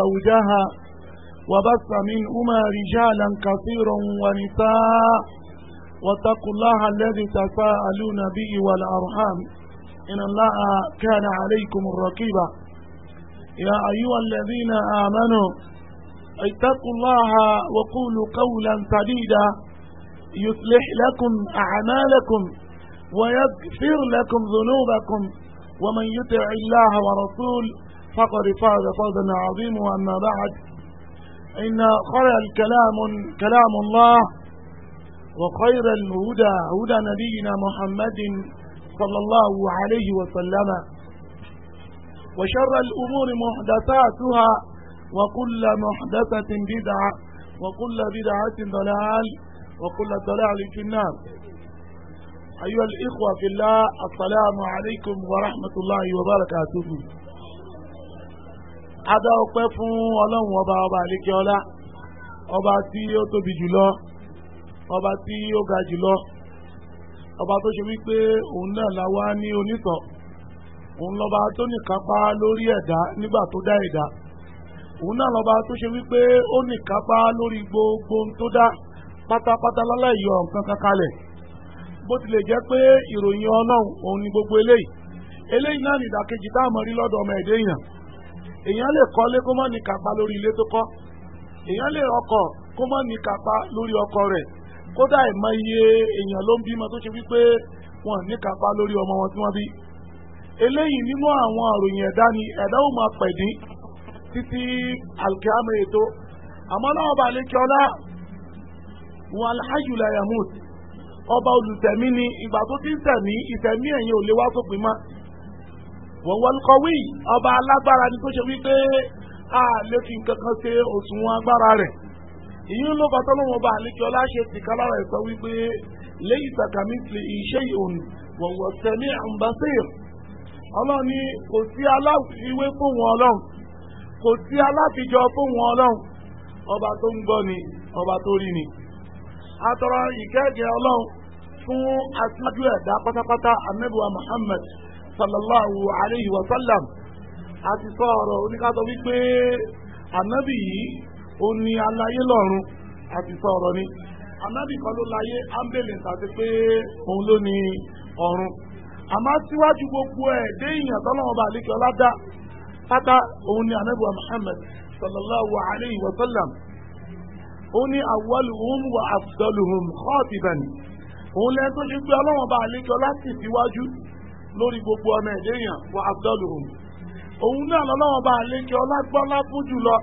زوجها وبث منهما رجالا كثيرا ونساء واتقوا الله الذي تساءلون به والأرحام إن الله كان عليكم الرقيبا يا أيها الذين آمنوا اتقوا الله وقولوا قولا سديدا يصلح لكم أعمالكم ويغفر لكم ذنوبكم ومن يطع الله ورسوله فقد فاز فوزا عظيما وأما بعد إن خير الكلام كلام الله وخير الهدى هدى نبينا محمد صلى الله عليه وسلم وشر الأمور محدثاتها وكل محدثة بدعة وكل بدعة ضلال وكل ضلال في النار أيها الإخوة في الله السلام عليكم ورحمة الله وبركاته adá ọpẹ́ fún ọlọrun ọba ọba àlékeọlá ọba tí ó tóbi jùlọ ọba tí ó ga jùlọ ọba tó ṣe wípé òun náà la wá ní onítọ̀ òun lọ́ba tó nìkápá lórí ẹ̀dá nígbà tó dá ẹ̀dá òun náà lọ́ba tó ṣe wípé ó nìkápá lórí gbogbo ohun tó dá pátápátá lálẹ́ yọ nǹkan kan kalẹ̀ bó tilẹ̀ jẹ́ pé ìròyìn ọlọ́run òun ni gbogbo eléyìí eléyìí náà nìdàkejì táwọn rí lọ́dọ̀ ọmọ ẹ̀dẹ́ yàn èèyàn lè kọ́lé kó má ní kápá lórí ilé tó kọ́ èèyàn lè ọkọ̀ kó má ní kápá lórí ọkọ̀ rẹ̀ kódà ìmọ̀ iye èèyàn ló ń bímọ tó ṣe wípé wọn ní kápá lórí ọmọ wọn tí wọ́n bí eléyìí nínú àwọn àròyìn ẹ̀dá ni ẹ̀dá ò máa dín títí alkiama ètò àmọ́ náà ọba àlekí ọlá wọn alhaji layamud ọba olùtẹ̀mí ni ìgbà tó ti ń tẹ̀mí ìtẹ̀mí ẹ̀yìn ò lè wá sópin mọ́ wọ̀wọ́ ń kọ̀wé ọba alágbára ni tó ṣe wípé a lè fi nǹkan kan ṣe òṣùwọ̀n agbára rẹ̀ ìyún ló bàtọ́ lọ́wọ́ bá àlejò ọlá ṣe tìka lára sọ wípé lẹ́yìn ìtàkàmí ti iṣẹ́ ìhòòhùn wọ̀wọ́ tẹ̀lé àǹbáṣẹ́yìn ọlọ́run ni kò sí aláfiwé fún wọn ọlọ́run kò sí aláfijọ fún wọn ọlọ́run ọba tó ń gbọ́ ni ọba tó rí ni atọ́rọ ìkẹ́ẹ̀kẹ́ ọlọ́run fún aṣáájú ẹ̀dá pátápátá anábìwá muhammed sallallahu alayhi wa sallam a ti sọ ọ̀rọ̀ oníkàtọ̀ wípé ànábì yìí ó ní aláyé lọ́run a ti sọ ọ̀rọ̀ ni ànábì kan ló láyé ambulance àti pé òun ló ní ọ̀run àmọ́ síwájú gbogbo ẹ̀ dé ìyàn tọ́lọ́wọ́n bá àlékè ọládá pátá òun ni ànábì wa Muhammad sallallahu alayhi wa sallam ó ní awwaluhum wa afdaluhum khatiban òun lẹ́yìn tó ṣe pé ọlọ́wọ́n bá àlékè ọlá sì síwájú lórí gbogbo ọmọ ẹ̀dẹ́ èèyàn wọ abdulhum òun náà lọ́lọ́wọ́ bá lékè ọlágbọ́lá fún jùlọ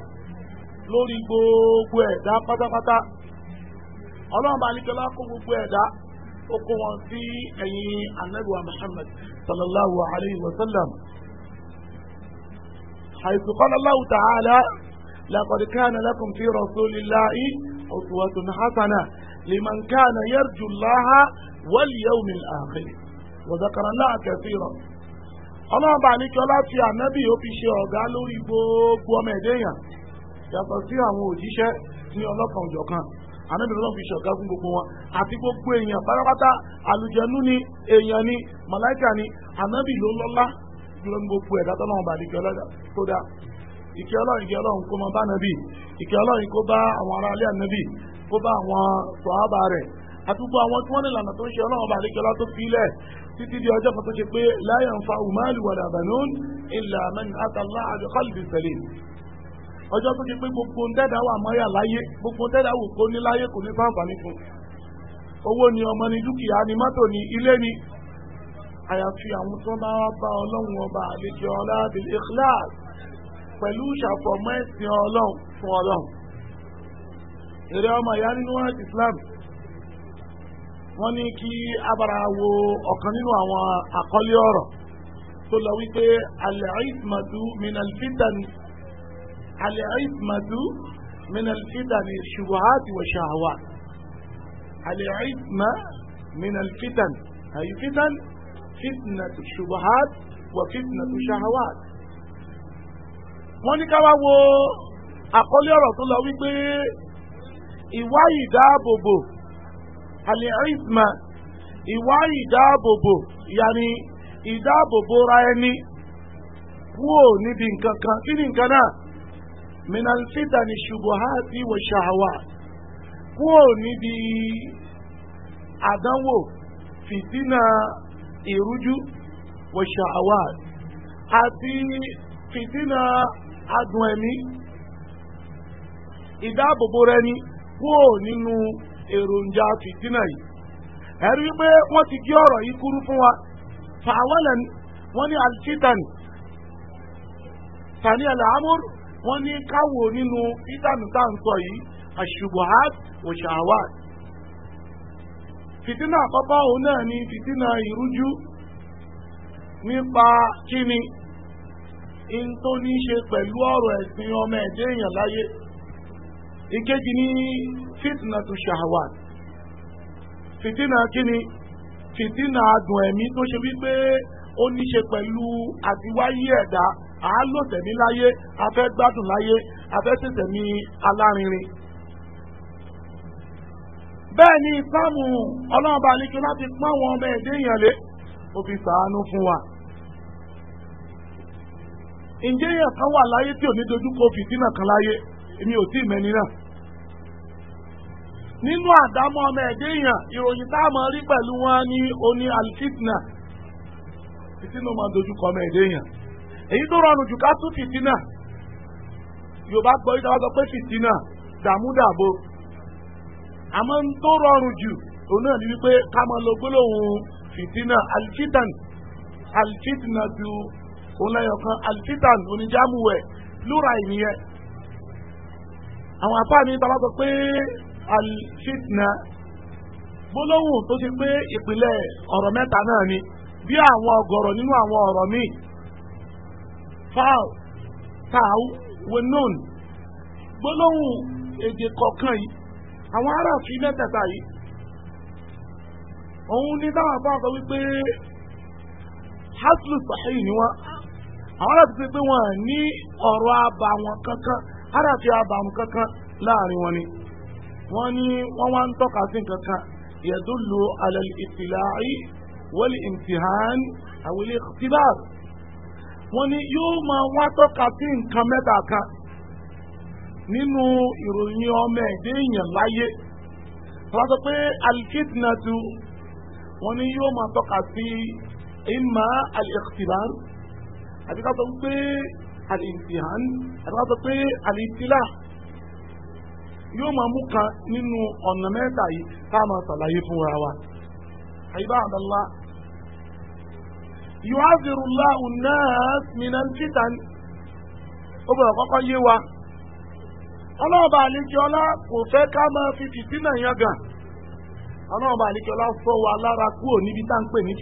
lórí gbogbo ẹ̀dá pátápátá ọlọ́wọ́ bá lékè ọlá kó gbogbo ẹ̀dá ó kó wọn sí ẹ̀yìn anabiwa muhammad sallallahu alayhi wa sallam حيث قال الله تعالى لقد كان لكم في رسول الله أسوة حسنة لمن كان يرجو الله واليوم الآخر وذكر الله كثيرا ọlọ́run bá ní kí ọlá fi ànábì ó fi ṣe ọ̀gá lórí gbogbo ọmọ ẹ̀dẹ́ èèyàn yàtọ̀ sí àwọn òjíṣẹ́ ní ọlọ́kan òjọ̀kan ànábì ọlọ́run fi ṣe ọ̀gá fún gbogbo wọn àti gbogbo èèyàn pátápátá àlùjẹ̀nú ni èèyàn ni màláìkà ni ànábì ló lọ́lá jùlọ ní gbogbo ẹ̀dá tọ́lọ́run bá ní kí ọlọ́run tó dá ìkẹ́ ọlọ́run ìkẹ́ ọlọ́run kó mọ bá ànábì ìkẹ́ ọlọ́run kó bá àwọn ará ilé ànábì kó bá àwọn títí di ọjọ́ kan tó ṣe pé la yanfa'u malu wala banun illa man ata Allah bi qalbin salim ọjọ́ tó ṣe pé gbogbo ń dẹ́dá wà mọ́yà láyé gbogbo ń dẹ́dá wò kó ní láyé kò ní fáǹfààní fún owó ni ọmọ ni dúkìá ni mọ́tò ni ilé ni àyàfi àwọn tó bá wá bá ọlọ́run ọba àlejò ọlá bil ikhlas pẹ̀lú ìṣàfọ̀mọ́ ẹ̀sìn ọlọ́run fún ọlọ́run èrè ọmọ ìyá nínú Islam wọ́n ní kí abara wo ọ̀kan nínú àwọn àkọlé ọ̀rọ̀ tó lọ wípé alẹ́rìsmàdú minalfidani alẹ́rìsmàdú minalfidani ṣubuhati wa ṣahawa alẹ́rìsmà minalfidani ayi fitan fitnatu ṣubuhat wa fitnatu ṣahawa wọ́n ní ká wá wo àkọlé ọ̀rọ̀ tó lọ wípé ìwá ìdáàbòbò. àlẹ́rìsìmà ìwá ìdáàbòbò yàní ìdáàbòbò ra ẹni kúò níbi nǹkan kan kí ni nǹkan náà minalfita ni ṣubuhati wa ṣahawa kúò níbi àdánwò fìtínà ìrújú wa ṣahawa àti fìtínà adùn ẹ̀mí ìdáàbòbò rẹ ni kúò nínú. èròjà fìtínà yìí ẹ̀rí wípé wọ́n ti gé ọ̀rọ̀ yìí kúrú fún wa fàwọ́lẹ̀ wọ́n ní alfitan tani alamur wọ́n ní káwò nínú fitanu tá à ń sọ yìí asubuhat oṣahawat fìtínà àkọ́kọ́ òun náà ni fìtínà ìrújú nípa kíni in tó ní ṣe pẹ̀lú ọ̀rọ̀ ẹ̀sìn ọmọ ẹ̀dẹ́ èèyàn láyé ìkejì ní fitnatu shahawat fitina kíni fitina adùn ẹ̀mí tó ṣe wípé ó ní ṣe pẹ̀lú àtiwáyé ẹ̀dá àálòtẹ̀mí láyé afẹ́ gbádùn láyé afẹ́ tẹ̀tẹ̀mí alárinrin. bẹ́ẹ̀ ni ìsáàmù ọlọ́ọ̀bà àlejò láti pọ́n àwọn ọmọ ẹ̀dẹ́ èèyàn lé ó fi sàánú fún wa. ǹjẹ́ èèyàn kan wà láyé tí ò ní dojúkọ fìtínà kan láyé èmi ò tí ì mẹ́ni náà. nínú àdámọ́ ọmọ ẹ̀dẹ́ èèyàn ìròyìn tá a rí pẹ̀lú wọn ní oní alifitna fìtínà máa dojúkọ ọmọ ẹ̀dẹ́ èèyàn èyí tó rọrùn jù ká tún fìtínà yorùbá gbọ́ yìí dáwọ́ sọ pé fìtínà dàmúdàbò àmọ́ ń tó rọrùn jù òun náà ní wípé ká máa lo gbólóhùn ju òun lẹ́yìn kan oníjàmùwẹ̀ alfitna gbólóhùn tó ti pé ìpìlẹ̀ ọ̀rọ̀ mẹ́ta náà ni bí àwọn ọ̀gọ̀rọ̀ nínú àwọn ọ̀rọ̀ míì fáw tàw wenon gbólóhùn èdè kọ̀ọ̀kan yìí àwọn ará fi mẹ́tẹ̀ẹ̀ta yìí òun ní táwọn àbá sọ wípé haslu sahih ni wọn àwọn ará ti pé wọn ní ọ̀rọ̀ abàwọn kankan ará fi abàwọn kankan láàrin wọn ni wọ́n ní wọ́n wá ń tọ́ka sí nǹkan kan yẹ̀dúlù alẹ́ ìtìláì wọ́lì ìmtìhán àwílé ìtìláì wọ́n ní yóò máa wá tọ́ka sí nǹkan mẹ́ta kan nínú ìròyìn ọmọ ẹ̀dẹ́ èèyàn láyé wọ́n sọ pé alikidinatu wọ́n ní yóò máa tọ́ka sí ìmọ̀ alẹ́kìtìláì àti ká sọ pé alìmtìhán àti ká sọ pé alìtìláì. yóò máa mú kan nínú ọ̀nà mẹ́ta yìí ká máa fún wa. ibadallah yu'adhirullahu an-nas minal fitan ó bọ̀rọ̀ kọ́kọ́ yé wa ọlọ́ọ̀bà àlejòọlá kò fẹ́ ká máa fi yan gàn ọlọ́ọ̀bà sọ wa lára kúrò níbi tá ń pè ní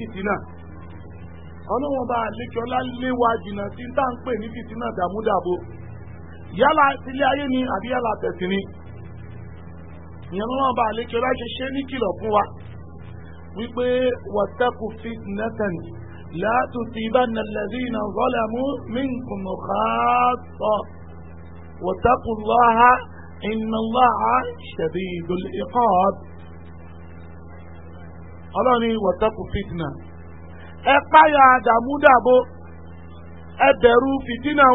ọlọ́ọ̀bà lé wa tá ń pè ní dàmúdàbò yálà ilé ayé àbí yálà tẹ̀sìn ni. ìyẹn lọ́wọ́ bá àlékè láti ṣe ní kìlọ̀ fún wa wípé wàtẹ́kù fitnatan láti ti bá nàlẹ́rí iná zọ́lẹ̀mú mínkùnù káàtọ̀ wàtẹ́kù lọ́ha iná lọ́ha ṣẹ̀bí ìdòlè ìkọ́ọ̀d ọlọ́ni wàtẹ́kù fitna ẹ páyà dàmúdàbò ẹ bẹ̀rù fìtínà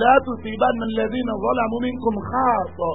láti ti bá iná zọ́lẹ̀mú mínkùnù káàtọ̀.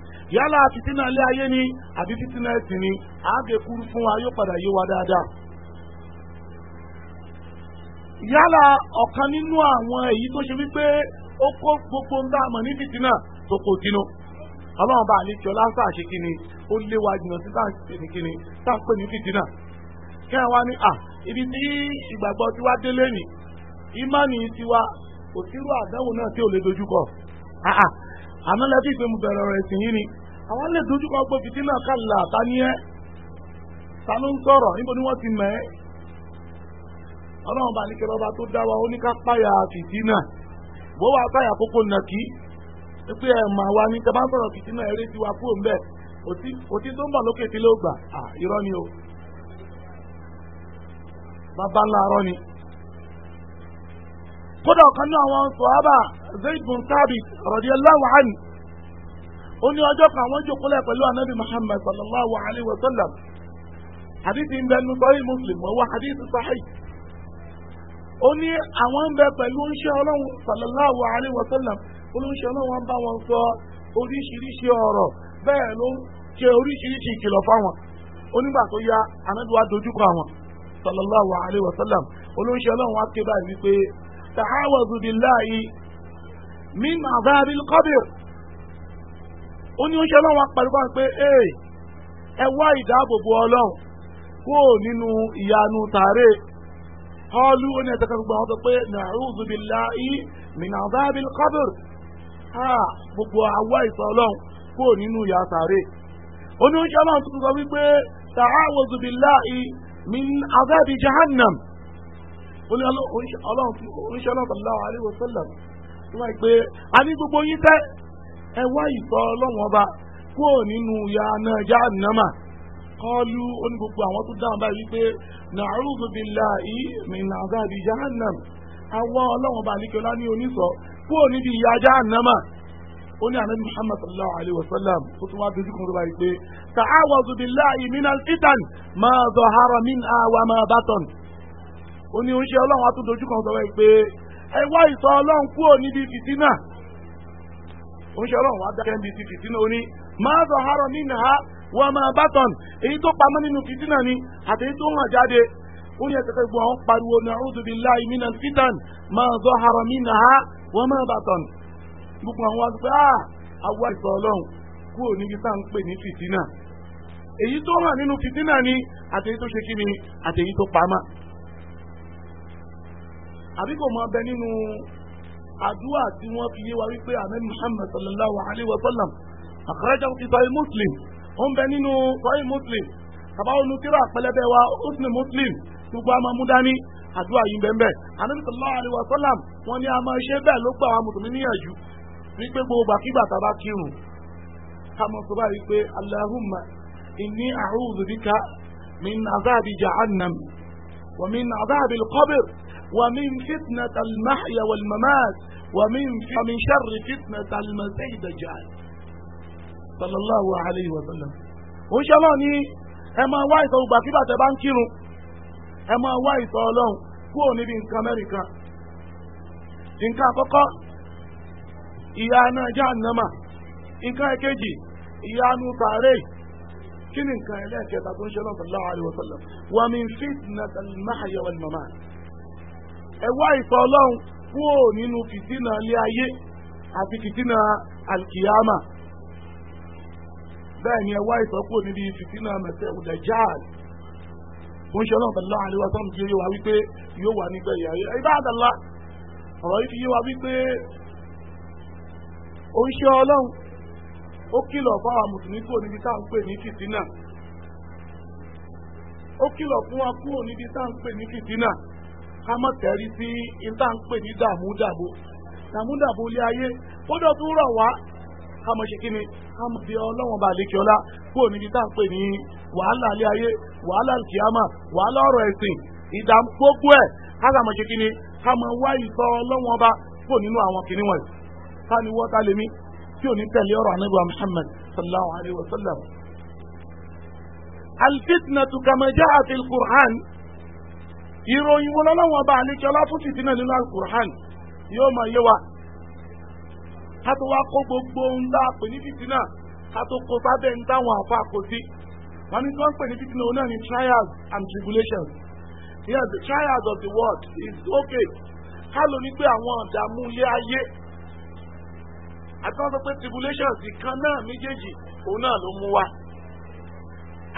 yálà fìtínà ilé ayé ni àbí fìtínà ni àáké kúrú fún wa yóò padà yé dáadáa. yálà ọ̀kan nínú àwọn èyí tó ṣe wípé ó kó gbogbo ń bá ní fìtínà tó kò dínú ọlọ́run bá kí ni ó léwa jùlọ sí ní kí ni ní ibi tí ìgbàgbọ́ délé nì ìmánì kò sírú àdánwò náà tí ò lè lẹ́bí bẹ̀rẹ̀ àwọn lè dojúkọ gbogbo fìtínà kàlà tani ẹ ta ló ń sọ̀rọ̀ níbo ni wọ́n ti mẹ́ ẹ́ ọlọ́run bá nìkẹ́ lọ́ba tó dá wa ó ní ká páyà bó wàá kókó mà wá ní tẹ bá ń sọ̀rọ̀ eré kúrò ńbẹ òtí tó ń bà lókè ni o bàbá ńlá arọ́ ni. kódà ọ̀kan ní Zayd ó ní ọjọ́ kan wọ́n jòkólẹ̀ pẹ̀lú anabi muhammad sallallahu alayhi wa sallam hadithi ń bẹ nu sahih muslim wọ́n wá hadithi sahih ó ní àwọn ń bẹ pẹ̀lú ńṣe ọlọ́run sallallahu alayhi wa sallam olóńṣe ọlọ́run ń bá wọn sọ oríṣiríṣi ọ̀rọ̀ bẹ́ẹ̀ ló ń ṣe oríṣiríṣi ìkìlọ̀ fáwọn onígbà tó ya anabi wa dojúkọ àwọn sallallahu alayhi wa sallam olóńṣe ọlọ́run wa ké báyìí wípé tàhàwàzù billahi min ó ní oúnjẹ ọlọ́run apàdé kan pé ẹ wá ìdáàbòbò ọlọ́run kó nínú ìyanu tààrẹ ọlú ó ní ẹ̀sẹ̀ kan gbogbo àwọn sọ pé na'udhu billahi min adhabil qabr gbogbo àwa ìsọ ọlọ́run kó nínú ìyà tààrẹ ó ní oúnjẹ ọlọ́run tuntun sọ wípé ta'awudhu billahi min adhabi jahannam ó ní oúnjẹ ọlọ́run sallallahu alaihi wasallam wọ́n pé a ní gbogbo yín tẹ́ Ewa wá ọlọ́wọ́n ọba kúrò nínú ya náà já nàmà kọlu oní gbogbo àwọn tó dáhùn báyìí wípé na'udhu billahi min jahannam àwọn ọlọ́wọ́n ọba àlíkẹ́lá ní oníṣọ́ kúrò níbi ìyá jahannama ó ní ànábì muhammad sallallahu alayhi wa sallam tún wá dojú kan tó báyìí pé ma ó ní oúnjẹ kan tó báyìí oúnjẹ ọlọ́run wá dákẹ́ níbi fìtínà ó máa zọ harọ nínú ha wọn máa bá tọ̀n èyí tó pamọ́ nínú fìtínà ni àti tó hàn jáde oúnjẹ kẹkẹ gbọ́ àwọn pariwo na'udhu billahi minal máa zọ harọ nínú ha wọn máa bá gbogbo awa ah, ọlọ́run kúrò níbi tá à ń pè ní fìtínà èyí tó hàn nínú fìtínà ni àdúrà tí wọ́n fi yé wa wípé ahmed muhammed sallallahu alayhi wa sallam àkàràjà ti sọ muslim ó ń bẹ nínú sọyìn muslim àbáwọn nukira pẹlẹbẹ wa usni muslim gbogbo àmọ múdání àdúrà yìí bẹ́ẹ̀ bẹ́ẹ̀ anabi sallallahu alayhi wa sallam wọn ni a máa ṣe bẹ́ẹ̀ ló gbà wá mùsùlùmí níyànjú wípé gbogbo àkígbà tá a bá kírun ká sọ báyìí pé allahumma inni a'udhu bika min azabi jahannam wa min azabi al-qabr ومن فتنة المحيا والممات ومن شر فتنة ت ن المسيح دجال صلى الله عليه وسلم وشلوني اما وايت او باكبات بانكيرو اما وايت او لون كوني بن كاميركا ان كافقا ايانا جانما ان كايكيجي ايانو طاري كنن كايلاكي تاكون شلون صلى الله عليه وسلم ومن ف ت ن ة المحيا والممات ẹ Ife ọlọ́run kúrò nínú fìtínà ilé ayé àti fìtínà alkiyama bẹ́ẹ̀ ni kúrò níbi fìtínà fún àríwá wípé yóò wà nígbà ìyá ọ̀rọ̀ yìí fi yé wa wípé ó ń ṣe ọlọ́run ó kìlọ̀ fún àwọn mùsùlùmí kúrò níbi tá à ń pè ní fìtínà ó kìlọ̀ fún wa kúrò níbi tá à ń pè ní fìtínà ká mọ̀ tẹ́rí sí ìta ń pè ní dàmúdàbò dàmúdàbò ilé ayé fọ́dọ̀ tún rọ̀ wá ká mọ̀ ṣe kí ni ká mọ̀ bí ọlọ́wọ́n bá lè kíọ́lá kúrò níbi tá à ń pè ní wàhálà ilé ayé wàhálà kìámà wàhálà ọ̀rọ̀ ẹ̀sìn ìdá gbogbo ẹ̀ ká kà mọ̀ ṣe kí ni ká mọ̀ wá ìsọ ọlọ́wọ́n bá kúrò nínú àwọn kìnìún wọ̀nyí ká wọ́ta lèmi tí ò ní tẹ̀lé ọ̀rọ̀ ànábì wa Muhammad sallallahu alayhi wa alfitnatu kama jaa ìròyìn wọn lọ́wọ́ bá àlejò ọlọ́tún títí náà nínú alukur'an yóò máa yé wa ká tó wá kó gbogbo ohun tá a pè ní títí ká tó kó sábẹ́ ń táwọn àfa kò sí wọn ní tí wọ́n pè ní títí òun náà ní trials and tribulations yes the trials of the world is okay ká ló ní pé àwọn ọ̀dààmú ilé ayé àti wọ́n sọ pé tribulations ìkan náà méjèèjì òun náà ló mú wa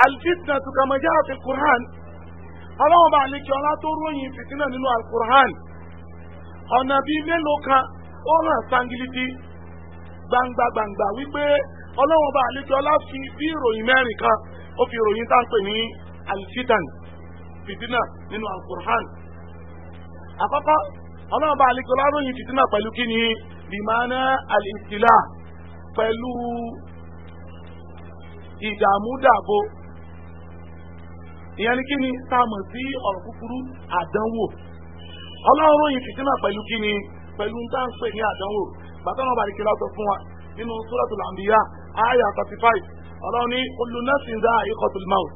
alifitna tukamaja àti Qur'an ọlọ́run bá lè kí ọlá tó ròyìn fìtínà nínú alukur'an ọ̀nà bíi mélòó kan ó hàn sangiliti gbangba gbangba wípé ọlọ́run bá lè kí ọlá fi bí ìròyìn mẹ́rin kan ó fi ìròyìn tá à ń pè ní alifitan fìtínà nínú alukur'an àkọ́kọ́ ọlọ́run bá lè kí ọlá ròyìn fìtínà pẹ̀lú kí ni bìmánà alìsílà pẹ̀lú ìdààmú dààbò ìyẹn ni kí ni tá a mọ̀ sí ọ̀rọ̀ kúkúrú àdánwò ọlọ́run yìí fìtínà pẹ̀lú kí ni pẹ̀lú ń dáhùn pé ní àdánwò bàtà náà bá rí kíláà sọ fún wa nínú suratul anbiya àyà thirty five ọlọ́run ní kullu nafsin dha'iqatul maut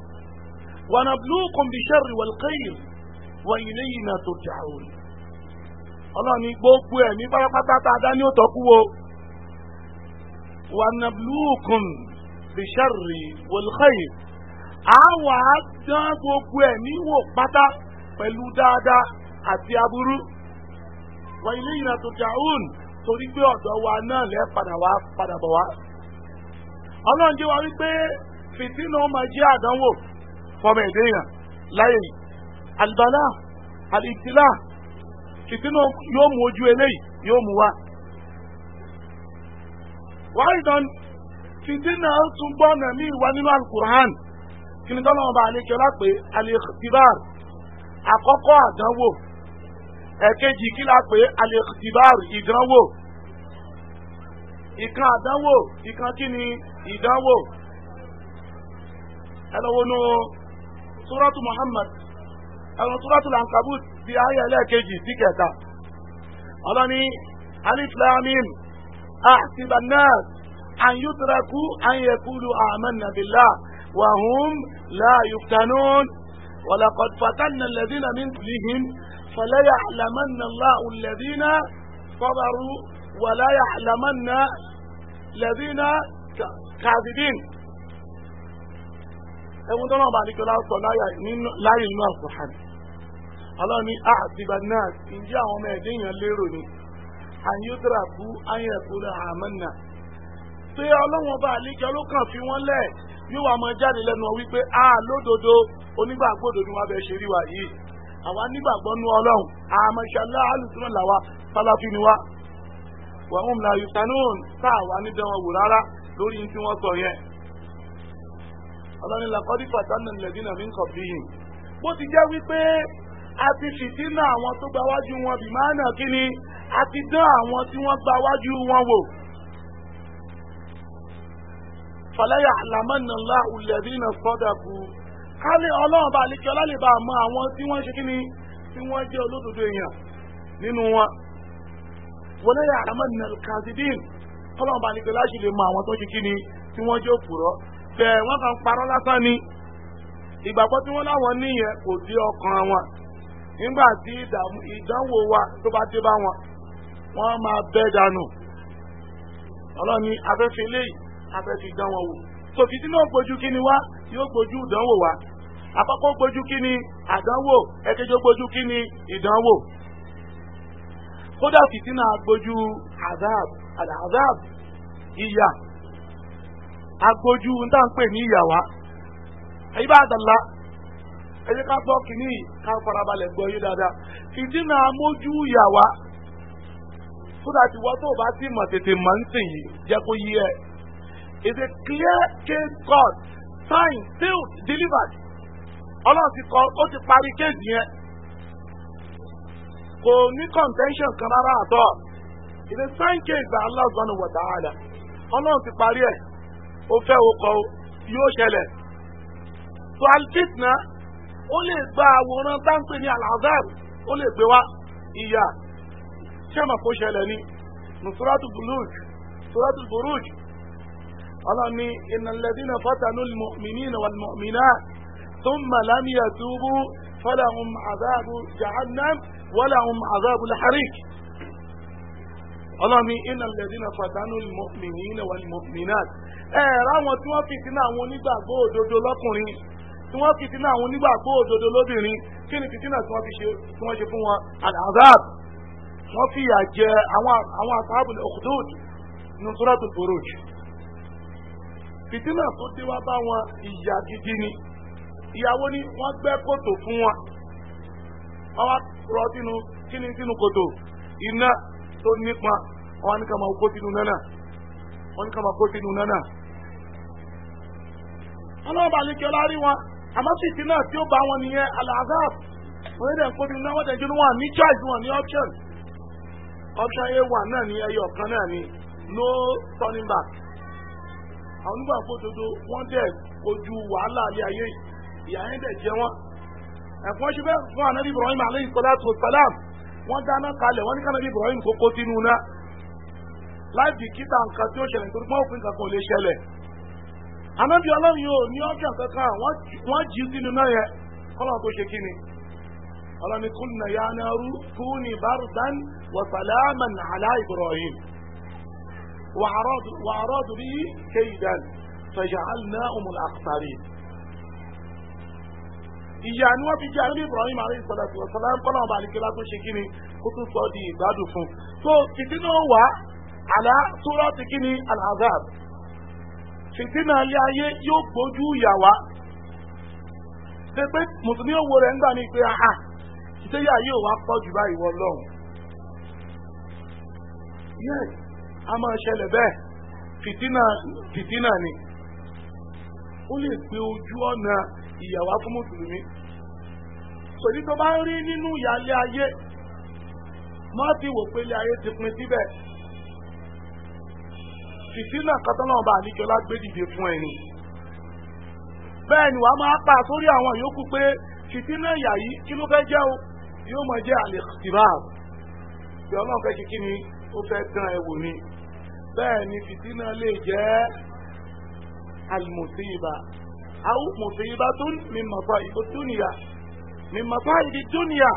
wa nabluukum bisharri wal khayr wa ilayna turja'un ọlọ́run ní gbogbo ẹ̀mí pátápátá tá a dá ní òtọ́ kú wo wa nabluukum bisharri wal khayr a wà gbogbo ẹ̀ níwò pátá pẹ̀lú dáadáa àti aburú wọ ilé ìrìnà tó jàún torí pé wa náà lẹ́ padà wá padà bọ̀ wá. ọlọ́run jẹ́ wa wípé fìtínà máa jẹ́ àdánwò fọmọ èdè yàn láyé yìí àlùbálà fìtínà yóò mú ojú eléyìí wa. wáyé dán fìtínà tún míì wá kí ni tọ́lọ́wọ́n bá alẹ́ kíọ́lá pé al-ikhtibar àkọ́kọ́ àdánwò ẹ̀kejì kí la pé al-ikhtibar ìdánwò ìkan àdánwò ìkan kí ni ìdánwò ẹlọ́wọ́nú suratu Muhammad ẹ̀rùn suratu lankabut bí ayé ẹlẹ́ẹ̀kejì sí kẹta ọlọ́ni alif lam mim ahsiba an-nas وهم لا يفتنون ولقد فتن الذين من قبلهم فلا يعلمن الله الذين صبروا ولا يعلمن الذين كاذبين ẹ̀wọ̀n tọ́nà ọba àdìgbò láàsọ láyé inú àfọ̀hàn ọlọ́run ní ah, àtìgbà náà ǹjẹ́ àwọn ọmọ ẹ̀dẹ́ èèyàn lérò ni àyíkúra bú ayẹ̀kúra àmọ́nà pé ọlọ́run ọba àlejò ló kàn fi wọ́n lẹ̀ yóò wá máa jáde lẹ́nu ọ wípé a lódodo onígbàgbọ́dọ̀ ni wọ́n bẹ ṣe rí wa yìí àwa nígbàgbọ́ nú ọlọ́run àmọ́ṣálá alùsùnà làwa sálàfí ni wa wàhùn la yusanun tá àwa níbẹ̀ wọn wò rárá lórí tí wọ́n sọ yẹn ọlọ́run làkọ́dí pàtàkì lẹ́dínà mí kọ̀ bí yìí bó ti jẹ́ wípé a ti fìdínà àwọn tó gba wájú wọn bì máa nà kí a ti dán àwọn tí wọ́n gba wájú wọn wò fàlẹ́yà làmánàlá ulẹ̀dínà sọ́dàkù ká lè ọlọ́run bá lè kí ọlá lè bá mọ àwọn tí wọ́n ṣe kí ni tí wọ́n jẹ́ olódodo èèyàn nínú wọn wọléyà làmánàlá kazidin ọlọ́run bá lè kí ọlá ṣe lè mọ àwọn tó ṣe kí ni tí wọ́n jẹ́ òpùrọ́ bẹ́ẹ̀ wọ́n kàn parọ́ lásán ni ìgbàgbọ́ tí wọ́n láwọn níyẹn kò dé ọkàn wọn nígbà tí ìdánwò wa tó bá dé bá wọn wọ́n máa bẹ́ dànù ọlọ́run ni afẹ́fẹ́ eléyìí afẹ́fi dán wọn wò tòfìtì náà gbójú kí ni wá yóò gbójú ìdánwò wá àkọ́kọ́ gbójú kí ni àdánwò ẹ̀kejì gbójú kí ni ìdánwò kódà fìtínà agbójú azab azab ìyà agbójú níta ń pè ní ìyàwá ẹ̀yí bá dàlá ẹ̀yí ká gbọ́ kìíní ká farabalẹ̀ gbọ́ yé dáadáa fìtínà amójú ìyàwá kódà tí wọ́n tó bá ti mọ̀ tètè mọ̀ ń sìn yìí jẹ́ kó yí ẹ̀ is a clear case God signed sealed delivered ọlọ́run ti kọ ó ti parí kéèsì yẹn kò ní contention kan rárá àtọ́ is a signed case by Allah subhanahu wa ta'ala ọlọ́run ti parí ẹ̀ ó fẹ́ o kọ yóò ṣẹlẹ̀ so alfitna ó lè gba àwòrán táǹpé ní alazar ó lè gbé wá ìyá ṣé mà kó ṣẹlẹ̀ ní nusratu bulug suratu buruj ọlọ́ni ìnàlẹ́dínà fọ́tànú mọ̀mìnínà wà mọ̀mìnà tó màlámíyà túbú fọ́láhùn àzáàbù jahannam wọ́láhùn àzáàbù láharík ọlọ́ni ìnàlẹ́dínà fọ́tànú mọ̀mìnínà wà mọ̀mìnà ẹ̀ ráwọn tí wọ́n fìtínà àwọn onígbàgbọ́ òdodo lọ́kùnrin tí wọ́n fìtínà àwọn onígbàgbọ́ òdodo lóbìnrin kí ni fìtínà tí wọ́n ṣe fún wọn àdáàb wọ́n fìyà jẹ àwọn àtàbùlẹ̀ òkúdòdì nùtúrọ̀tù bòròjì fìtínà tó dé wá bá wọn ìyà gidi ni ìyàwó ni wọ́n gbẹ́ kòtò fún wọn wọ́n wá rọ sínú kíni sínú kòtò iná tó nípa wọ́n ní ká máa kó sínú nánà wọ́n ní ká máa kó sínú nánà. wọn ọlọ́run bá nìkẹ́ lárí wọn àmọ́ náà tí ó bá wọn nìyẹn alazab wọ́n yẹ́dẹ̀ kó sínú náà wọ́n tẹ̀jú wọn ní choice wọn ní option option a one náà ní ẹyọ kan náà ní no turning back. àwọn onígbàgbọ́ òdodo wọ́n dẹ̀ kojú wàhálà alẹ́ ayé ìyá yẹn dẹ̀ jẹ wọ́n ẹ̀fọ́n ṣe bẹ́ẹ̀ fún anabi ibrahim aleyhi salatu wa salam wọ́n dáná kalẹ̀ wọ́n ní kánabi ibrahim kó kó sínú náà láì bìkítà nǹkan tí ó ṣẹlẹ̀ nítorí pọ́n òfin kankan ò lè ṣẹlẹ̀ anabi ọlọ́run yóò ní ọjà kankan wọ́n jí sínú náà yẹ kọ́lọ́n tó ṣe kí ni ọlọ́ni kúnnà yánnárú kúni bárúdán wa salaman ibrahim. وأرادوا, وأرادوا به كيدا فجعلناهم الأخسرين ìyá ni wọ́n fi jẹ́ àrẹ́bí Ibrahim alayhi salatu wa salam kọ́nà ọba àlekela tó ṣe kíni kó tún sọ di ìgbádùn fún so fìtínà wà àlá sórà ti kíni al-azab fìtínà ilé yóò gbójú ìyà wá mùsùlùmí òwò rẹ̀ ń ní pé àhà ṣe yóò wá pọ̀ jù báyìí wọ lọ́hùn a máa ṣẹlẹ̀ bẹ́ẹ̀ fìtínà fìtínà ni ó lè gbé ojú ọ̀nà ìyàwó fún mùsùlùmí sòdí tó bá ń rí nínú ìyálé ayé má ti wò pé ilé ayé ti pin síbẹ̀ fìtínà kọ́tọ́nà ọba àníkẹ́ lágbèdìde fún ẹni bẹ́ẹ̀ ni wàá máa pa sórí àwọn yòókù pé fìtínà ìyà yìí kí ló fẹ́ jẹ́ o yóò máa jẹ́ àlè tìmáà bí ọlọ́run fẹ́ ṣe kí ni ó fẹ́ tán ẹ wò ni bẹ́ẹ̀ ni fìtínà lè jẹ́ àlùmùsíbà àwọn mùsíbà tó ní màfà ìbò dúnìyà ní màfà ìdí dúnìyà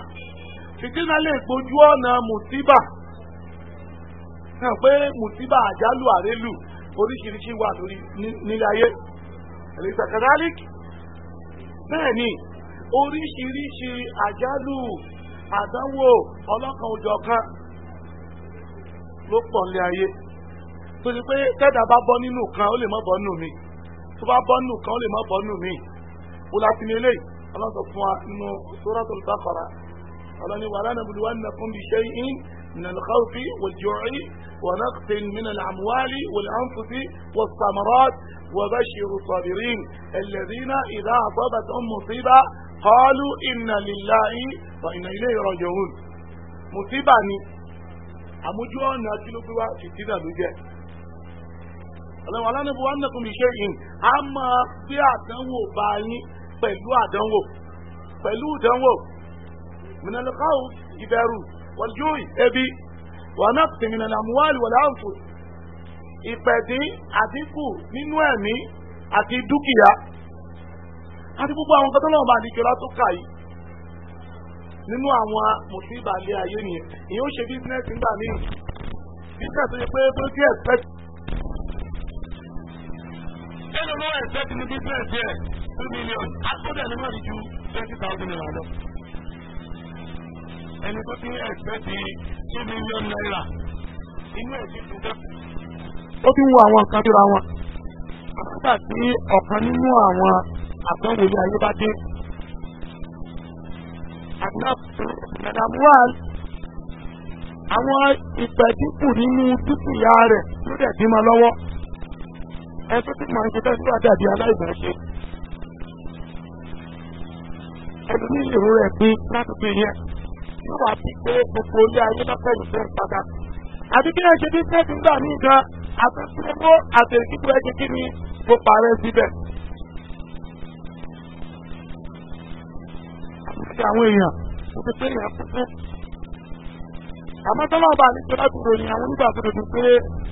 fìtínà lè gbójú ọ̀nà mùsíbà hàn pé mùsíbà àjálù àrélù oríṣiríṣi wà lórí nílé ayé ẹ̀lẹ́sà kadalik bẹ́ẹ̀ ni oríṣiríṣi àjálù àdánwò ọlọ́kan òjọ̀kan ló pọ̀ nílé ayé. tó ri pé tẹ́dà bá bọ́ nínú kan ó lè má bọ́ ninu mí tó bá bọ́ ninu kan ó lè má bọ́ ninu mí ó la ti ní eleyi eléyìí so fún wa nínú Suratul Baqara ọlọ́ni wa lanabluwannakum bi shay'in min al wal ju'i wa من الخوف والجوع ونقص من الأموال والأنفس والثمرات وبشر الصابرين الذين إذا أصابتهم مصيبة قالوا إنا لله inna إليه راجعون مصيبة ni àmójú ọ̀nà kí ló gbé wá fìtínà ló jẹ́ ọlọ́run alánàbù wa nàkùn bí ṣe yìí a máa gbé àdánwò bá yín pẹ̀lú àdánwò pẹ̀lú ìdánwò mìnàlùkáwù ìbẹ̀rù wọ̀ljú ebi wọn náà ti mìnàlù àmúwálì wọ̀lá àǹfò ìpẹ̀dín àdínkù nínú ẹ̀mí àti dúkìá àti gbogbo àwọn kan tó lọ́wọ́ bá àdìkẹ́ látó kà yìí nínú àwọn mùsíbà ilé ayé nìyẹn ìyẹn ó ṣe bísínẹ́sì ńgbà míì bísínẹ́sì tó yẹ pé tó jẹ́ ẹ̀pẹ́tì ló ẹ̀sẹ̀ ti ní bísíǹsì ẹ̀ two million àtúndẹ̀ ní wọ́n ju twenty thousand naira lọ. ẹni tó ti ní ẹ̀sẹ̀ ti two million naira inú ẹ̀ ti dùn ó fi ń wo àwọn nǹkan tó ra wọn. nígbà tí ọ̀kan nínú àwọn àtọ́wò ilé ayé bá dé. àdínàbùwàl àwọn ìpẹ̀dínkù nínú dúkìá rẹ̀ ló dẹ̀ bímọ lọ́wọ́ ẹni tí màá ṣe bẹ́ẹ̀ tó àdàbí aláìmọ̀ ṣe. ẹni ní ìrò rẹ̀ pé láti fi yẹn yóò wá sí pé gbogbo ilé ayé lọ́pọ̀ ìfẹ́ ìpadà. àti kí ẹ ṣe bí fẹ́ẹ̀tì ń gbà ní nǹkan àtúntò àtẹ̀síkú ẹ̀jẹ̀ kí ni tó parẹ́ síbẹ̀. àti àwọn èèyàn tó fi pé èèyàn kúkú. àmọ́ tọ́lá ọba àlejò láti ròyìn àwọn onígbà tó dòdò pé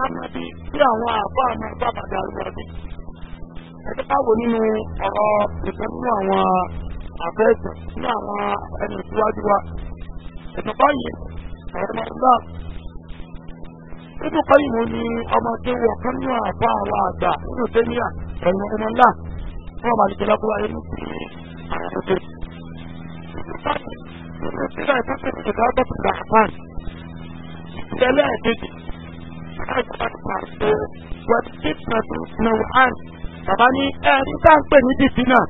amadi tí àwọn àbá àmọ́ bá bàdà àrùbàdì. ẹ̀jẹ̀ báwo nínú ọ̀rọ̀ ìfẹ́ nínú àwọn àfẹ́sẹ̀ nínú àwọn ẹni ìtúwájú wa. ẹ̀jẹ̀ báyìí ọ̀rọ̀ máa ń bá. nínú kọ́yìn mo ní ọmọdé wọ̀ kán nínú àbá àwọn àgbà nínú tẹ́níà ẹ̀yìn ọmọ ńlá fún ọmọ àdìjẹ́ ní ti àrùn Ìjọba ìtọ́jú ìjọba ọ̀gbọ̀n ìgbà àpáàn. Ìjọba akbar pàṣẹ wọ́n ti pẹ̀lú nàwọ̀n. bàbá ní ẹni tá à ń pè ní fìtínà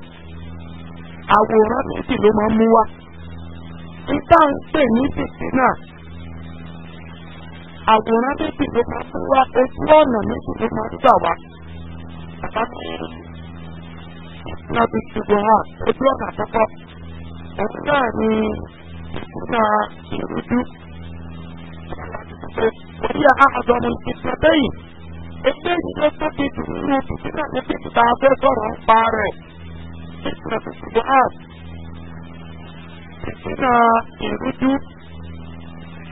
àwòrán méjì ló máa ń mú wá. ní tá à ń pè ní fìtínà àwòrán méjì ló máa ń mú wá ojú ọ̀nà méjì ló máa ń gbà wá. bàbá ní láti ṣùgbọ́n hàn ojú ọ̀nà àkọ́kọ́. ọ̀gá ni ìṣúná ìrújú ṣe wọ́yẹ àádọ́nù ìṣẹ́tẹ́yìn ẹgbẹ́ ìṣe tó ti dùn ní títí náà ní títí tá a fẹ́ sọ̀rọ̀ ń pa rẹ̀ títí títí náà títí náà ìrújú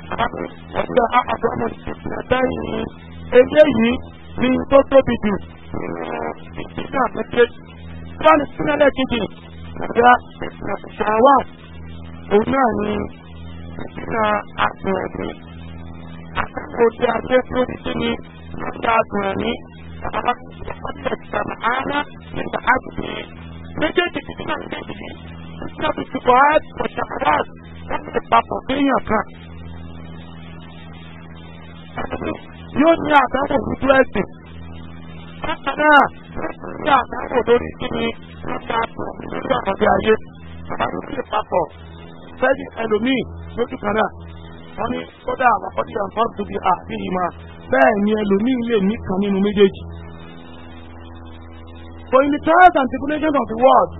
wọ́yẹ àádọ́nù ìṣẹ́tẹ́yìn eléyìí ní tó tóbi jù títí náà méjèèjì báyìí sínú ẹlẹ́kejì ìjà ìṣàwà òun náà ní títí náà àtúwẹ̀dì àkókò tí a dé tó ti kí ni nígbà àgùnrán ní ọ̀pọ̀lọpọ̀ ìgbàmọ̀ ààrẹ nígbà àgùnrán méjèèjì tí wọ́n ti di nígbàbí ti bọ̀ ẹ́ pọ̀ṣàkọ́dá wọ́n ti papọ̀ kéèyàn kan. yóò ní àdáwò dúdú ẹ̀sìn bákan náà ní àdáwò lórí kí ni nígbà àgùnrán nígbà àgùnrán ayé àbájọ ti papọ̀ fẹ́ẹ́ ẹlòmíì lójú kan náà wọ́n ní kódà àkọ́dí àǹfọ́tò bíi àfihìmá bẹ́ẹ̀ ni ẹlòmíín lè nìkan nínú méjèèjì. For in the trials and tribulations of the world,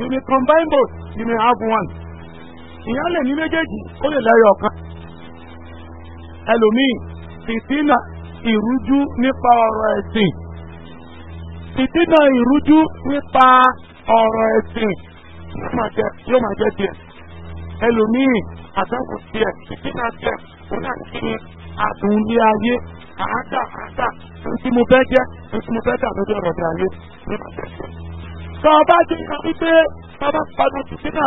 you may combine both, you may have one. Ìyẹn lè ní méjèèjì, ó lè lẹ́yọ̀ kan. Ẹlòmíín fìtínà ìrújú nípa ọ̀rọ̀ ẹ̀sìn. Fìtínà ìrújú nípa ọ̀rọ̀ ẹ̀sìn yóò máa jẹ tiẹ̀ ẹlòmíì àtàkùn tiẹ̀ ìfínà tiẹ̀ ó náà kí ni àdùn ní ayé àádà àádà tí mo fẹ́ jẹ́ tí mo fẹ́ dà lórí ọ̀rọ̀ ní ayé nígbà tó ṣe. tọ́ ọ bá jẹ́ ìkan wípé bàbá padà fìtínà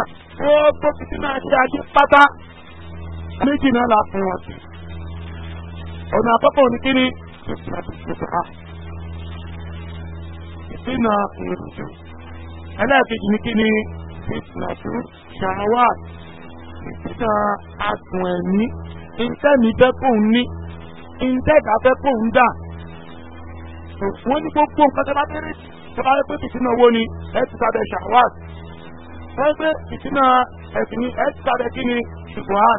ó bó fìtínà ṣe ayé pátá méjì náà la fún wọn sí. ọ̀nà àkọ́kọ́ ní kí ni fìtínà ti ṣe bá. fìtínà ìrìnàjò ẹlẹ́ẹ̀kejì ní kí ni fìtínà tó ṣàwáàtì tán àtùn ẹ̀mí ntẹ́mi fẹ́ kóun ní ntẹ́ka fẹ́ kóun dà wọ́n ní gbogbo nǹkan tó bá kéré tó bá yẹ pé ìsinmi owó ni ẹ ti sábẹ́ shawat wọ́n gbé ìsinmi ẹ̀sìn ẹ ti sábẹ́ kí ni ṣùgbọ́n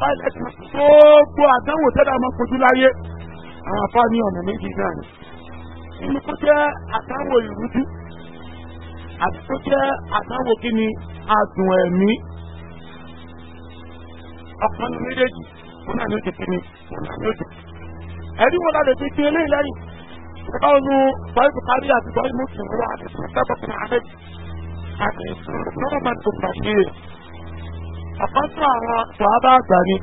báyìí ẹ̀sìn gbogbo àdánwò tẹ́lẹ̀ ọmọ kojú láyé àwọn afá ní ọ̀nà méjì náà ni inú kó jẹ́ àdánwò ìrújú àti kó jẹ́ àdánwò kí ni àdùn ẹ̀mí. ọkàn ní méjèèjì wọn náà ní oṣù kìíní wọn náà ní oṣù. ẹni wọn láti fi kiri eléyìí lẹ́yìn ìgbà wọn ní bọ́ọ̀lù bukari àti bọ́ọ̀lù muslim wọn àti sọ́kọ̀ fún ahmed àti norman kòkàṣíyè. ọ̀kan tún àwọn sọ̀hábà àgbà ni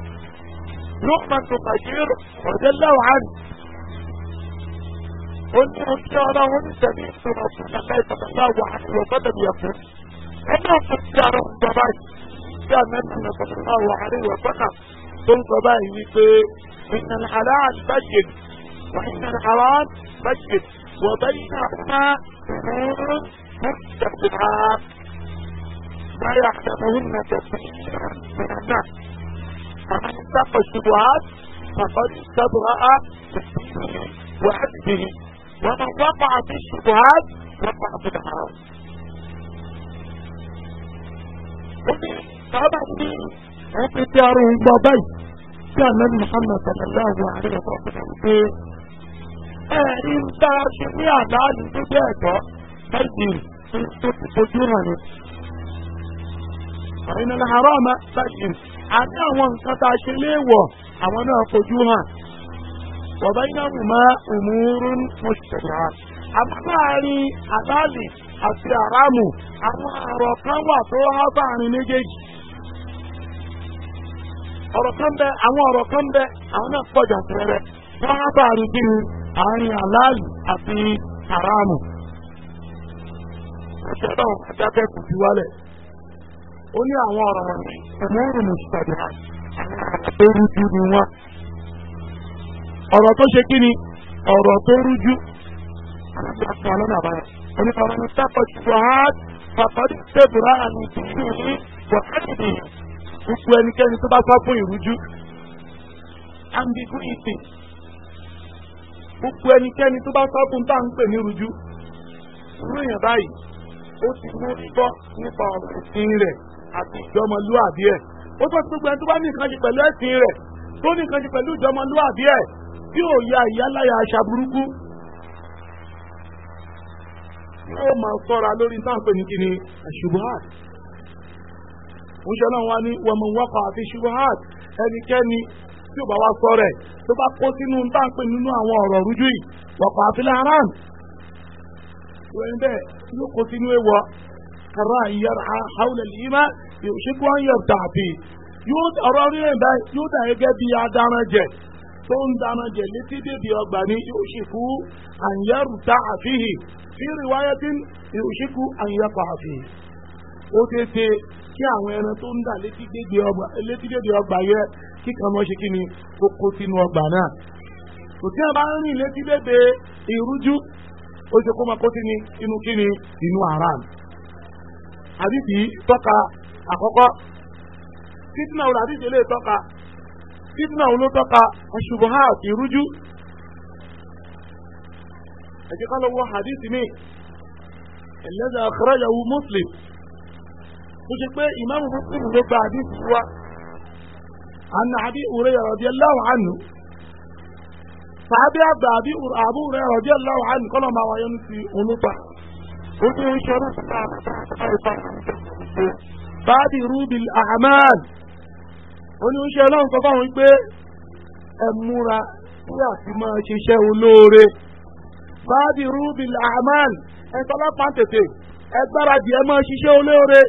norman kòkàṣíyè ọ̀jẹ̀ lẹ́wọ̀ hàn. ó ní oṣù tí ọlọ́run ó ní tẹ̀lé ìṣòro ọ̀sùn kàkà ìtàkàtà wà á ti wọ̀ tí ànábì náà sallallahu alaihi wa sallam tó ń sọ báyìí wípé innal halal bayyin wa innal haram bayyin wa baynahuma umurun mukhtalifat لا يعلمهن كثير من الناس فمن اتقى الشبهات فقد استبرأ بدينه وعبده ومن وقع في الشبهات وقع في الحرام sọ́ọ́bà ní wọ́n ti tẹ ọrùn gbọ́ báyìí tí ànábì Muhammad sallallahu alaihi wa sallam pé ẹ̀rí ń bá a ṣe ní àlàálù tó jẹ́ ẹ̀tọ́ báyìí tó ti fojú hàn ní. àìní ní harama báyìí àti àwọn nǹkan tá a ṣe léèwọ̀ àwọn náà fojú hàn. wọ̀bá iná mú ma umurun mushtabiha. àmọ́ láàárín àlàálì àti àràmù àwọn àrọ̀ kan wà tó há bá àrin méjèèjì. ọ̀rọ̀ kan bẹ àwọn ọ̀rọ̀ kan bẹ àwọn náà pọ̀ jàǹtẹ̀rẹ̀ wọ́n rí bí àárín aláàlú àti haramu. ìṣẹ̀dọ̀ adájọ́ kò fi wálẹ̀ ó ní àwọn ọ̀rọ̀ wọ̀nyí ẹ̀mọ́rùn ìṣẹ̀dọ̀ tó rújú ni wọ́n. ọ̀rọ̀ tó ṣe kí ni ọ̀rọ̀ tó rújú àwọn ọ̀nà àbáyọ̀ oníkọ̀ọ́rọ̀ ní sápọ̀ ṣùgbọ́n á pàpàdé tẹ̀bùrá àmì ìdílé gbogbo ẹnikẹ́ni tó bá sá fún ìrújú ambiguity gbogbo ẹnikẹ́ni tó bá sá fún tá à ń pè ní ìrújú irú èèyàn báyìí ó ti mú bọ́ nípa ọ̀rọ̀ ìsìn rẹ̀ àti ìjọmọlúwàbí ẹ̀ ó tó ti gbogbo ẹni tó bá ní nǹkan ṣe pẹ̀lú ẹ̀sìn rẹ̀ tó ní nǹkan ṣe pẹ̀lú ìjọmọlúwàbí ẹ̀ tí ò ya ìyáláyà àṣà burúkú yóò máa sọ́ra lórí táwọn pè ní kíni àṣùbọ́n àti oúnjẹ náà wá ní wọ́n mú wọ́kọ̀ àfi ṣubuhat ẹnikẹ́ni tí ò bá wá sọ rẹ̀ tó bá kó sínú bá ń pè nínú àwọn ọ̀rọ̀ rújú yìí wọ́kọ̀ àfi láàrán wẹ́n bẹ́ẹ̀ yóò kó sínú ewọ́ kàrá ìyára haúlẹ̀ lìímà ìṣíkú ayọ̀ tàbí yóò ọ̀rọ̀ rí ẹ̀dá yóò dà gẹ́gẹ́ bí adáranjẹ tó ń dáranjẹ létí bèbè ọgbà ní ìṣíkú àyẹ̀rù tàbí fi riwayatin ìṣíkú àyẹ̀kọ̀ àfihàn. ó ṣeé ṣe kí àwọn ẹran tó ń dà létígbèdè ọgbà yẹ kí kan mọ́ ṣe kí ni tó kó sínú ọgbà náà kò tí wọn bá ń rìn létígbèdè ìrújú ó ṣe kó máa kó sí ni inú kí ni inú hadithi àdìsí tọ́ka àkọ́kọ́ fitna wo àdìsí lè tọ́ka fitna wo ló tọ́ka ìrújú ẹ̀jẹ̀ mi tó ṣe pé ìmáàmù Muslim ló gba àdìsí wa àna àbí Hurairah radiyallahu anhu sàábí àgbà àbí Abu Hurairah radiyallahu anhu kọ́nà máa wáyé ní ti olúpa ó ní ìṣòro síta àìsàn báàbí rúbìl ahmad ó ní ìṣe ọlọ́run sọ fáwọn pé ẹ múra sí àti máa ṣiṣẹ́ olóore báàbí rúbìl ahmad ẹ sọlá pàǹtẹ̀tẹ̀ ẹ gbáradì ẹ máa ṣiṣẹ́ olóore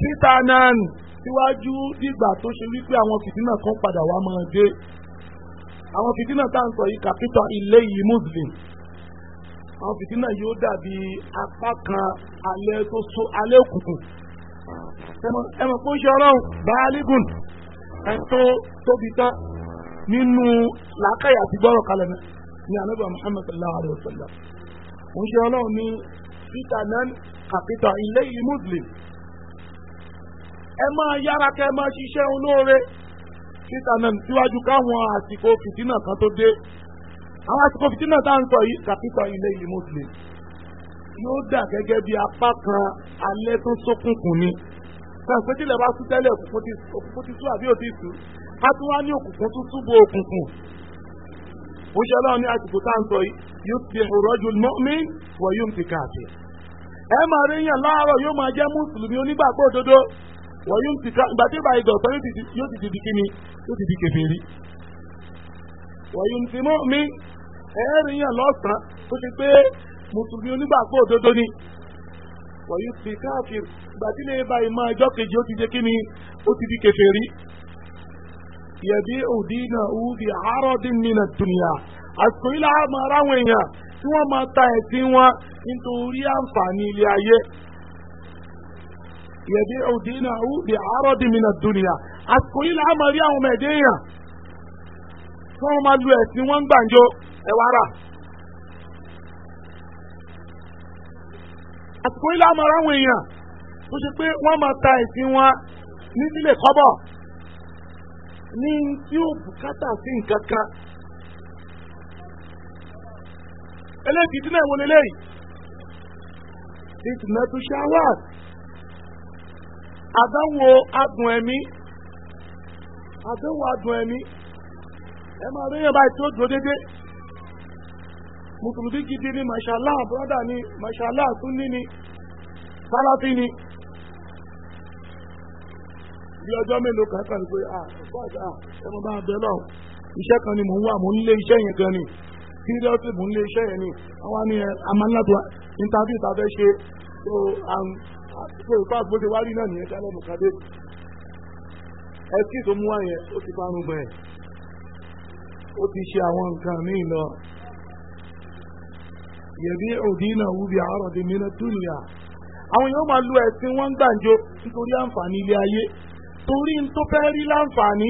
síta náà síwájú dìgbà tó ṣe wípé àwọn fìtínà kan padà wá máa dé àwọn fìtínà tá à ń sọ yìí kàpítọ̀ ilé yìí muslim àwọn fìtínà yóò dàbí apá kan alẹ́ tó so alẹ́ òkùnkùn ẹmọ kó ṣe ọlọ́run báálígùn ẹni tó tóbi tán nínú làákàyè àti gbọ́rọ̀ kalẹ̀ náà ní anábà muhammad sallallahu alayhi wa sallam mo ṣe ọlọ́run ní fìtínà kàpítọ̀ ilé yìí muslim ẹ máa yára kẹ ẹ máa ṣiṣẹ́ olóore títà náà síwájú káwọn àsìkò fìtínà kan tó dé àwọn àsìkò fìtínà tá à ń sọ yìí kàpítọ̀ ilé ìlú muslim yóò dà gẹ́gẹ́ bí apá kan alẹ́ tó ṣókùnkùn ni kàǹpé tilẹ̀ bá sún tẹ́lẹ̀ òkùnkùn ti sú àbí òtí sú a tún wá ní òkùnkùn tó túbọ̀ òkùnkùn oṣù ọlọ́run ní àsìkò tá à ń sọ yìí yóò ti rọ́jú mọ́mí wọ̀ yóò ti káàkiri ẹ máa rí yàn láàárọ̀ yóò máa jẹ́ mùsùlùmí onígbàgbọ́ òdodo wọ́n yóò ti ká ìgbà tí ìgbà ìgbà ọ̀tọ́ yóò ti di kíni yóò ti di wọ́n yóò ti mi ẹ̀ẹ́rì yàn lọ́sàn-án ti pé mùsùlùmí onígbàgbọ́ òdodo ni. wọ́n yóò ti káàkiri ìgbà tí ìbá ìmọ̀ ẹjọ́ kejì ó ti di kíni ó ti di kèfèrí. yẹ̀bí òdì náà ó di àárọ̀ dín ní nà àsìkò èèyàn tí wọ́n máa ta ẹ̀sìn wọn nítorí àǹfààní ilé ayé. يبيع دينه بعرض من الدنيا àsìkò yìí là á máa rí àwọn ọmọ ẹ̀dẹ́ èèyàn tí wọ́n máa lu ẹ̀sìn wọn ń gbàǹjo ẹ̀wà rà àsìkò yìí là á máa tó ṣe pé wọ́n máa ta ẹ̀sìn wọn ní sílẹ̀ kọ́bọ̀ ní tí o bukata sí nǹkan kan eléyìí tí náà wọlé léyìí àdánwò adùn ẹ̀mí àdánwò adùn ẹ̀mí ẹ máa rí yẹn báyìí tó dúró déédéé mùsùlùmí gidi ni mashallah brọ́dà ni mashallah sunni ni sáláfì ni bí ọjọ́ mélòó kan kan pé à ah, bọ́ọ̀dà ah, ẹ mọ bá bẹ lọ iṣẹ́ kan ni mò ń wà mò ń lé iṣẹ́ yẹn gan ni síríọ́sì mò ń lé iṣẹ́ yẹn ni àwa ni ẹ amánátó interview ta fẹ́ ṣe so um, àtúntò ìpá bó ṣe wá rí náà nìyẹn kálẹ̀ mùkádé ẹtí tó mú wá yẹn ó ti parun bẹ́ẹ̀ ó ti ṣe àwọn nǹkan míì lọ yẹ̀bí òdínà wúbi àárọ̀ di mìíràn túnìyà àwọn yóò máa lo ẹ̀sìn wọn gbàǹjo nítorí àǹfààní ilé ayé torí n tó fẹ́ rí láǹfààní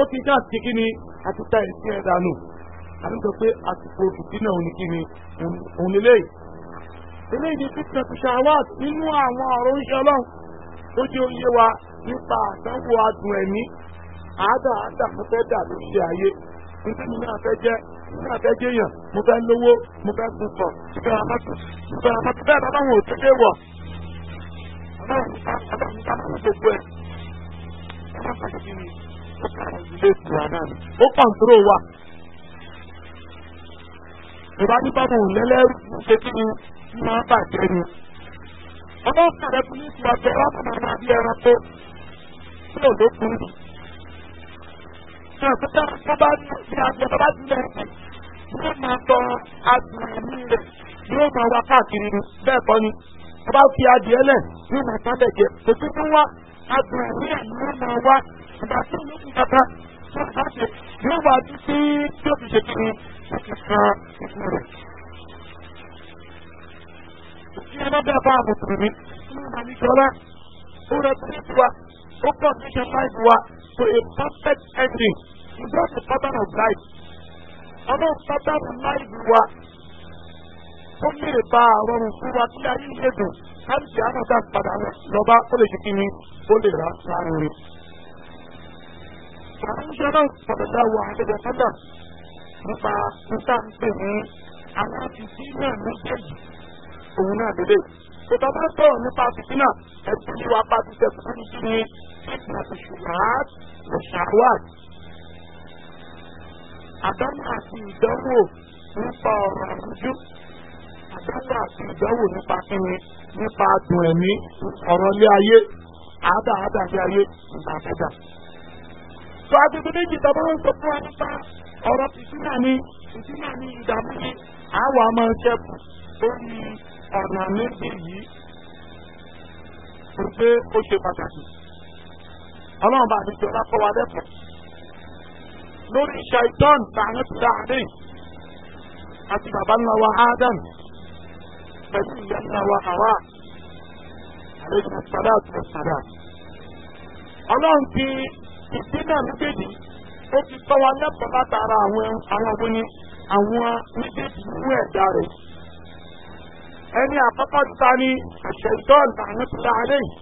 ó ti dá sí kí ni àtúntà ẹ̀sìn ẹ̀dánù àti sọ pé àsìkò fìtínà òní kí ni òun lélẹ́yìí eléyìí fífẹ́ ṣàwáàtì nínú àwọn ọ̀rọ̀ oúnjẹ ọlọ́run tó jẹ́ oyé wa nípa àtàwò adùn ẹ̀mí àádà àádà mo fẹ́ dà ló ṣe ayé nítorí mi náà fẹ́ jẹ́ mi náà fẹ́ jẹ́yàn mo fẹ́ lówó mo fẹ́ gun pọ̀ mo fẹ́ amátò mo fẹ́ amátò bẹ́ẹ̀ bá báwọn òtún lè wọ̀ ọlọ́run nípa ọlọ́run nípa gbogbo ẹ̀ ọlọ́run pàtàkì ni ó kàrọ̀ ilé ìtura náà ni ó kọ̀ǹtúrò wa ìbá nípa mo lẹ́lẹ́rú ṣe kí ni ma wọ́n bàjẹ́ ni. ọlọ́run kàrẹ́ fún ní ìtura jẹ́ wọ́n fún ọmọ àbí ẹranko tí ò lókun rí. ṣàkóso tó bá ní ìdí àgbẹ̀ tó bá ti lẹ̀ ẹ̀sìn yóò máa tọ adùn ẹ̀mí rẹ̀ yóò máa wá káàkiri ni bẹ́ẹ̀ kọ́ ni tó bá fi adìẹ lẹ̀ yóò máa tán lẹ̀ jẹ kò tó wá adùn ẹ̀mí ẹ̀ yóò máa wá ìgbà tó lókun kankan tó bá ṣe yóò wá dúpẹ́ tó fi ṣe kiri ó ti san ìfún rẹ̀ tí ẹ bá bẹ́ẹ̀ bá mùsùlùmí ní ìbànújọ́lá ó rẹ bíríkì wa ó pọ̀ níṣẹ́ láìpẹ́ wa to a perfect ending is just the pattern of life. ọlọ́run pattern of life wa ó lè ba àwọn òkú wa kí ayé ilé dùn káàdì àwọn ọ̀dà padà lọ́ba ó lè ṣe kí ni ó lè rà láàrin rẹ̀. àwọn iṣẹ́ náà pàtàkì àwọn àlejò sọ́dọ̀ nípa nípa ń pè ní àwọn àti sí náà méjèèjì òun náà lélẹ̀ ìjọba bá sọ̀rọ̀ nípa fìtínà ẹ̀sìn ní wa bá ti tẹ̀ fún kí ni fìtínà ti ṣùgbọ́n ìṣàwà. àdánù àti ìdánwò nípa ọ̀rọ̀ àwùjọ àdánù àti ìdánwò nípa kíni nípa adùn ẹ̀mí ọ̀rọ̀ ilé ayé àádá àádá ilé ayé nípa àfẹ́jà. sọ agbègbè méjì tàbí wọn sọ fún wa nípa ọ̀rọ̀ fìtínà ni fìtínà ni ìdààmú ni àwọn ọmọ ṣẹ́kù ọ̀nà méjì yìí pé ó ṣe pàtàkì ọlọ́run bá àdìjọ lápọ̀ wa lẹ́kọ̀ọ́ lórí ṣàìtọ́n tààrin ti dá àdé àti bàbá ńlá wa Adam pẹ̀lú ìyá ńlá wa àwa àlejò sàdá àti sàdá. ọlọ́run ti ìpínlẹ̀ méjèèjì ti wa látara àwọn àwọn ọmọ ní àwọn méjèèjì ẹni àkọ́kọ́ ta ni àṣẹjọ́n àmọ́tòlá alẹ́ yìí.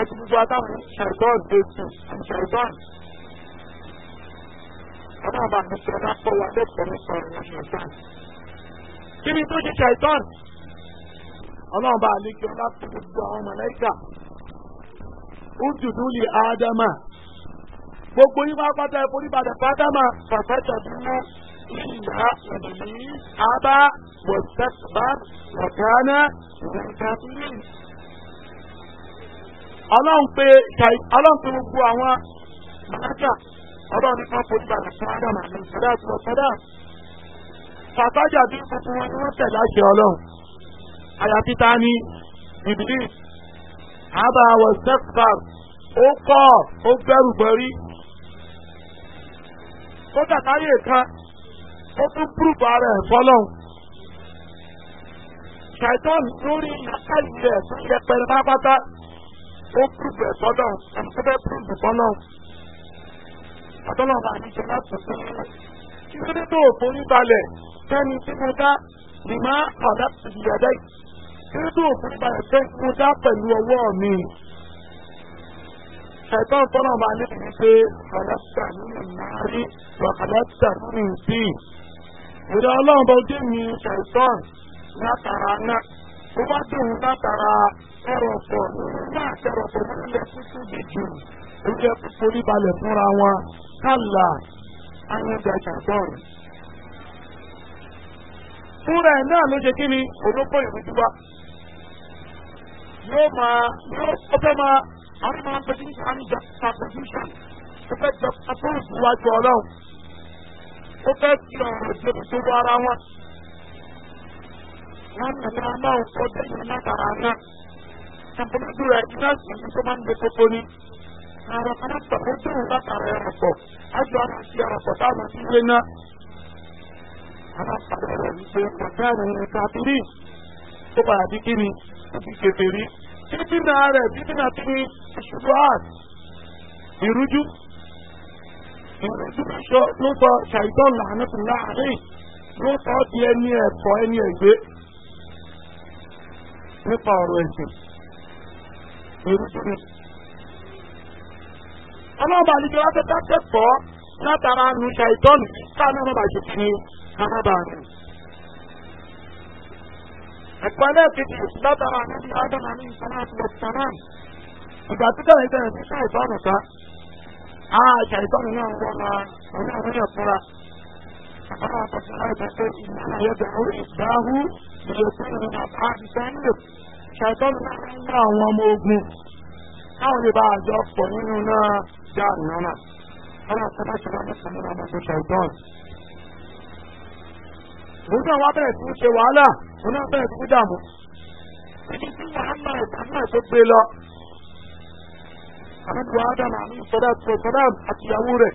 ẹtù gbogbo adáwọn ṣẹjọ́n dèjì ṣẹjọ́n. ọmọ àbá mi sọ náà pọ̀ wá lẹ́kọ̀ọ́ nípa ọ̀rọ̀ ṣẹjọ́n. kí ni tó ṣe ṣẹjọ́n? ọlọ́run bá àlejò láti gbogbo àwọn mọ̀lẹ́kà. ó dùdú lè ádámà. gbogbo yín bá pátá ẹ̀ forí balẹ̀ fádámà pàtàkì ọdún فيها إبليس أبى واستكبر وكان من الكافرين ọlọ́run pé ọlọ́run pé gbogbo àwọn mọ̀lẹ́kà ọlọ́run nípa fojú balẹ̀ fún ádámà ní ìṣẹ̀dá àti ọ̀sẹ̀dá fàtàjà bí gbogbo wọn ni wọ́n tẹ̀ láṣẹ ọlọ́run àyàfi ta ni ìbílí àbá wọ sẹ́kùtà ó kọ́ ó gbẹ́rù gbẹ́rí kó kàkáyé kan ó tún púrùbù ara ẹ̀ fọlọ́n. ṣàìtàn lórí làkàyè rẹ̀ tó yẹ pẹ̀lú pápátá ó púrùbù ẹ̀ fọlọ́n àti tó fẹ́ púrùbù fọlọ́n. àtọ́lọ́wọ́ àníjẹ láti fún mi. kí ló dé tó òfin balẹ̀ sẹ́ni tí mo dá ni máa padà ìyàdá yìí. kí ló dé òfin balẹ̀ sẹ́ni tí mo dá pẹ̀lú ọwọ́ mi ṣẹ̀tọ́ tọ́nà bá ní ìdí pé fàlàtà nínú ìnáàrí wà fàlàtà nínú ìdí ìrẹ́ ọlọ́run bá dé mi ṣẹ̀tọ́n látara náà ó bá dé mi látara ẹrọ̀pọ̀ náà ẹrọ̀pọ̀ nílẹ̀ títí di jù ó jẹ́ forí balẹ̀ fúnra wọn kálà ayẹyẹ ṣẹ̀tọ́n. fúnra ẹ̀ náà ló ṣe kí ni olóko ìrújú wa yóò máa yóò ó fẹ́ máa àwọn máa ń pẹ́ sí àmì ìjà pàṣẹ fún ìṣàn ó fẹ́ jọ àpò ìwájú ọlọ́run ó fẹ́ fi ọ̀rọ̀ ìṣòro sórí ara wọn. wọ́n mọ̀ ní ọmọ òkú ọdẹ́yìn látara náà. àbúrúdú rẹ̀ iná sì ń tó máa ń gbé kókó ní. àwọn ọmọ pàtó dùn látara ẹ̀rọ pọ̀ ájọ àwọn ti ẹ̀rọ pọ̀ táwọn ti gbé náà. àwọn pàtó rẹ̀ ń pe ọ̀gá rẹ̀ ní kábírì tó padà bí kí ìṣubú àrùn ìrújú ló sọ ṣàìtàn làánàtì láàrin ló sọ di ẹni ẹ̀kọ́ ẹni ẹ̀gbẹ́ nípa ọ̀rọ̀ ẹ̀sìn oríṣiríṣi. ọlọ́ọ̀bà àlejò wa tẹ́tà kẹ́kọ̀ọ́ látara nu ṣàìtàn káàmì ọmọ bàjẹ́ fún arábàárín. ẹ̀kọ́ ẹlẹ́ẹ̀kejì látara àti àdàmà ní ìsọ̀rọ̀ àti ìgbà tí kẹ́hìn àṣàìtọ́nù ah, náà ń wọ́n máa ọ̀nà àwọn èèyàn fúnra àwọn àpapọ̀ láìpẹ́ pé ìmọ̀ràn yẹ̀bẹ̀ orí ìdáhù ìyẹ̀kùnrin ní àbáàbí sẹ́ńdò ṣàìtọ́nù náà ń gbà àwọn ọmọ ogun káwọn lè bá àjọ pọ̀ nínú náà já ìrànà àwọn àpapọ̀ láti wá mẹ́ta nínú ọmọ tó ṣàìtọ́nù. òun náà bẹ̀rẹ̀ sí ṣe wàhálà òun náà bẹ̀rẹ̀ sí dààmú. ẹni tí àbẹ̀bọ̀ ádámù àmì ìsọ̀dá ìsọ̀dám àti ìyàwó rẹ̀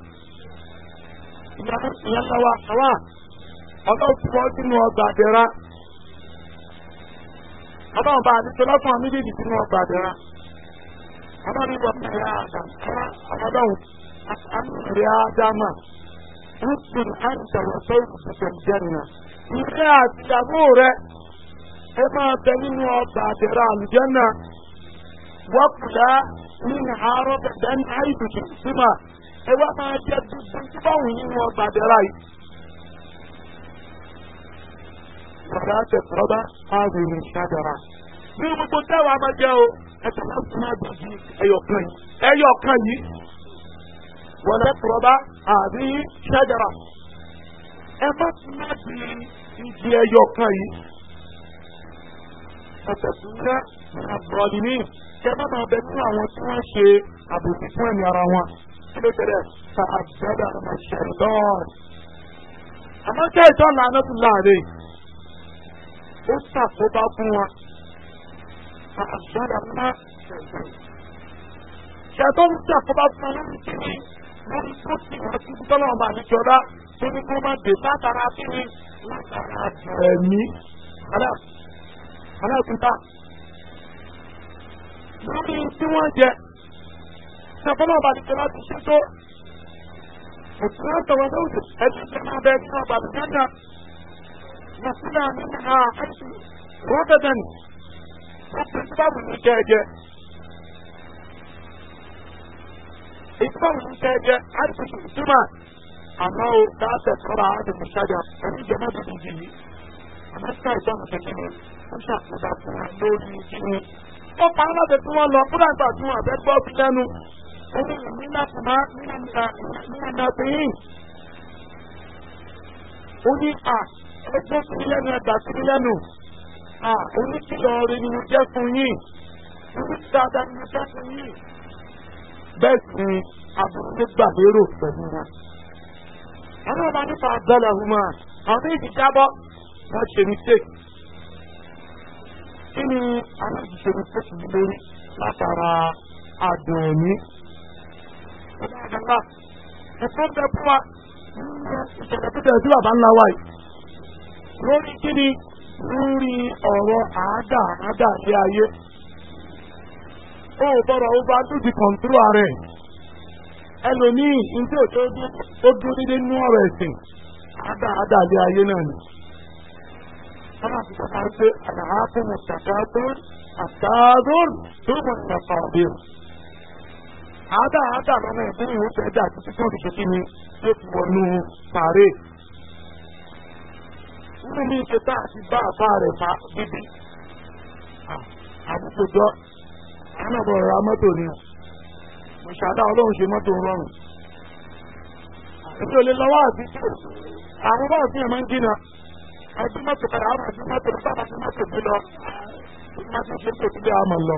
ìyá sáwà sáwà ọlọ́pọ̀ sínú ọgbà àdẹ́ra ọlọ́run bá àdìsọ lọ́fún àmì ìdíjì sínú ọgbà àdẹ́ra ọlọ́run ìwọ̀n ìyá àdàmù ọlọ́run àmì ìyá àdàmù rúbin àǹtà wọ̀tọ́ ìfẹ̀sẹ̀ jẹ́nà. Ìfẹ́ àti ìyàwó rẹ̀ ẹ máa bẹ nínú ọgbà àdẹ̀rà àlùjẹ́nà wọ́pùlá nínú àárọ̀ bẹ̀bẹ̀ ní àìbùkún símà ẹ wá máa jẹ tuntun tí báwọn yìí wọn gbàdẹ́rà yìí. Bàbá àti ìfọ̀rọ̀bá máa wù ní ìṣàjọra. Ní gbogbo táwa máa jẹ o, ẹ tẹ̀lé fún máa dùn kẹ má máa bẹ fún àwọn tí wọ́n ṣe àbòsí fún ẹ̀mí ara wọn kí ló tẹ̀lé fa àbẹ́dà ọmọ ṣẹ̀dọ́ọ̀n. àmọ́ kí ẹ̀jọ́ làánà tún láàrin ó ṣàkóbá fún wọn fa àbẹ́dà ọmọ ṣẹ̀dọ́ọ̀n. ṣẹ̀dọ́ ń ṣàkóbá fún wọn lórí kíni lórí tó sì wọ́n ti ń tọ́lọ́ ọmọ àníjọba tó ní kó má dé látara kíni látara ẹ̀mí. aláàfin ta lórí tí wọ́n jẹ ṣàkóso ọba àti ìjọba ti ṣe tó òtún àtọwọ́ tó ṣe ẹni tó máa bẹ fún ọba àbùkátà nàìjíríà ní àkàtì rọ́bẹ̀tàn ó ti tí báwo ní kẹ́ ẹ jẹ. ìfọ̀n ní kẹ́ ẹ jẹ àti ìtumọ̀ àmọ́ o dáàtẹ̀ kọ́ra àti ìṣàjà ẹni ìjọba ti dìde yìí àmọ́ sí àìsàn ìṣẹ̀kí ni wọ́n ṣàkóso àpò lórí ìṣẹ́ ó pa wọn láti fún wọn lọ kúrò àgbà tí wọn àbẹ gbọ́ bí lẹ́nu omi ìní lápá nílànà bìín ó ní à ẹgbẹ́ sí lẹ́nu ẹgbà sí lẹ́nu à oníkìlọ̀ rẹ ni mo jẹ́ fún yín oníkìlọ̀ dáadáa ni mo jẹ́ fún yín bẹ́ẹ̀ sì ni àbúrò gbàgbérò pẹ̀lú wọn. àwọn ọba nípa àgbẹ̀lẹ̀ ọ̀hún máa àwọn méjì wọ́n ṣe mistake. kí oh, ni aláìṣiṣẹ́ tó ti lé látara àdùn ẹ̀mí. ẹ̀kọ́ bẹ fún wa ìṣẹ̀lẹ̀ tó tẹ̀lé tí bàbá ńlá wa yìí lórí kí ni lórí ọ̀rọ̀ àádà àádà ní ayé. ó bọ̀rọ̀ ó bá dùdì kọ̀ǹtúrò ẹlòmíì ní tí ó dúró ọ̀rọ̀ ẹ̀sìn àádà Sama kita tahu al-hakim al-takatur, al-tadur, tumun nasabir. Ada ada lọ́nà ìpínlẹ̀ ìwé fẹ́ dà títí tó rìṣẹ́ kí ni yóò fi wọnú sàárè. Nínú ní ṣe tá àti bá àbá rẹ̀ fa bíbí. Àbúkò jọ, àwọn ọ̀bọ̀ ra mọ́tò ni. Mo ṣàdá ọlọ́run ṣe mọ́tò rọrùn. Èmi ò lè lọ́wọ́ àbí àwọn bá àfihàn máa ń dínà àdúmọ̀tò padà àwọn àdúmọ̀tò nípa àdúmọ̀tò bí lọ àdúmọ̀tò ṣe ń tètè bí àmọ̀ lọ.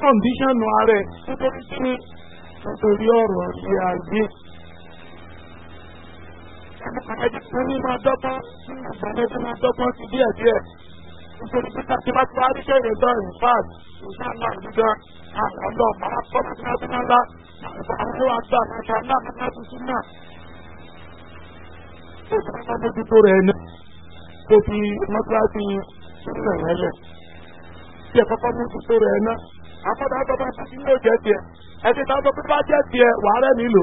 kọ́ndíṣọ̀nù ààrẹ nítorí pé nítorí ọ̀rọ̀ ṣe àgbé. ẹnìkan ní máa dọ́gbọ́n ìgbàlẹ̀ tí máa dọ́gbọ́n sí díẹ̀ díẹ̀ nítorí pé káàkiri bá ti wá ríṣẹ́ ìrẹ̀dọ́ ìfáàd ìṣàlá ìdíjọ àwọn ọlọ́ọ̀ máa kọ́ òṣìṣẹ́ mójútó rẹ̀ ni kò fi mọ́tíráṣí sílẹ̀ rẹ̀ lẹ̀. tí ẹ̀ kọ́kọ́ mójútó rẹ̀ ná akọ́dà àtọ́kọ́ ìṣẹ́jú yóò jẹ́ tiẹ̀ ẹ̀sìn tó àtọ́kọ́ bá jẹ́ tiẹ̀ wàá rẹ̀ nílò.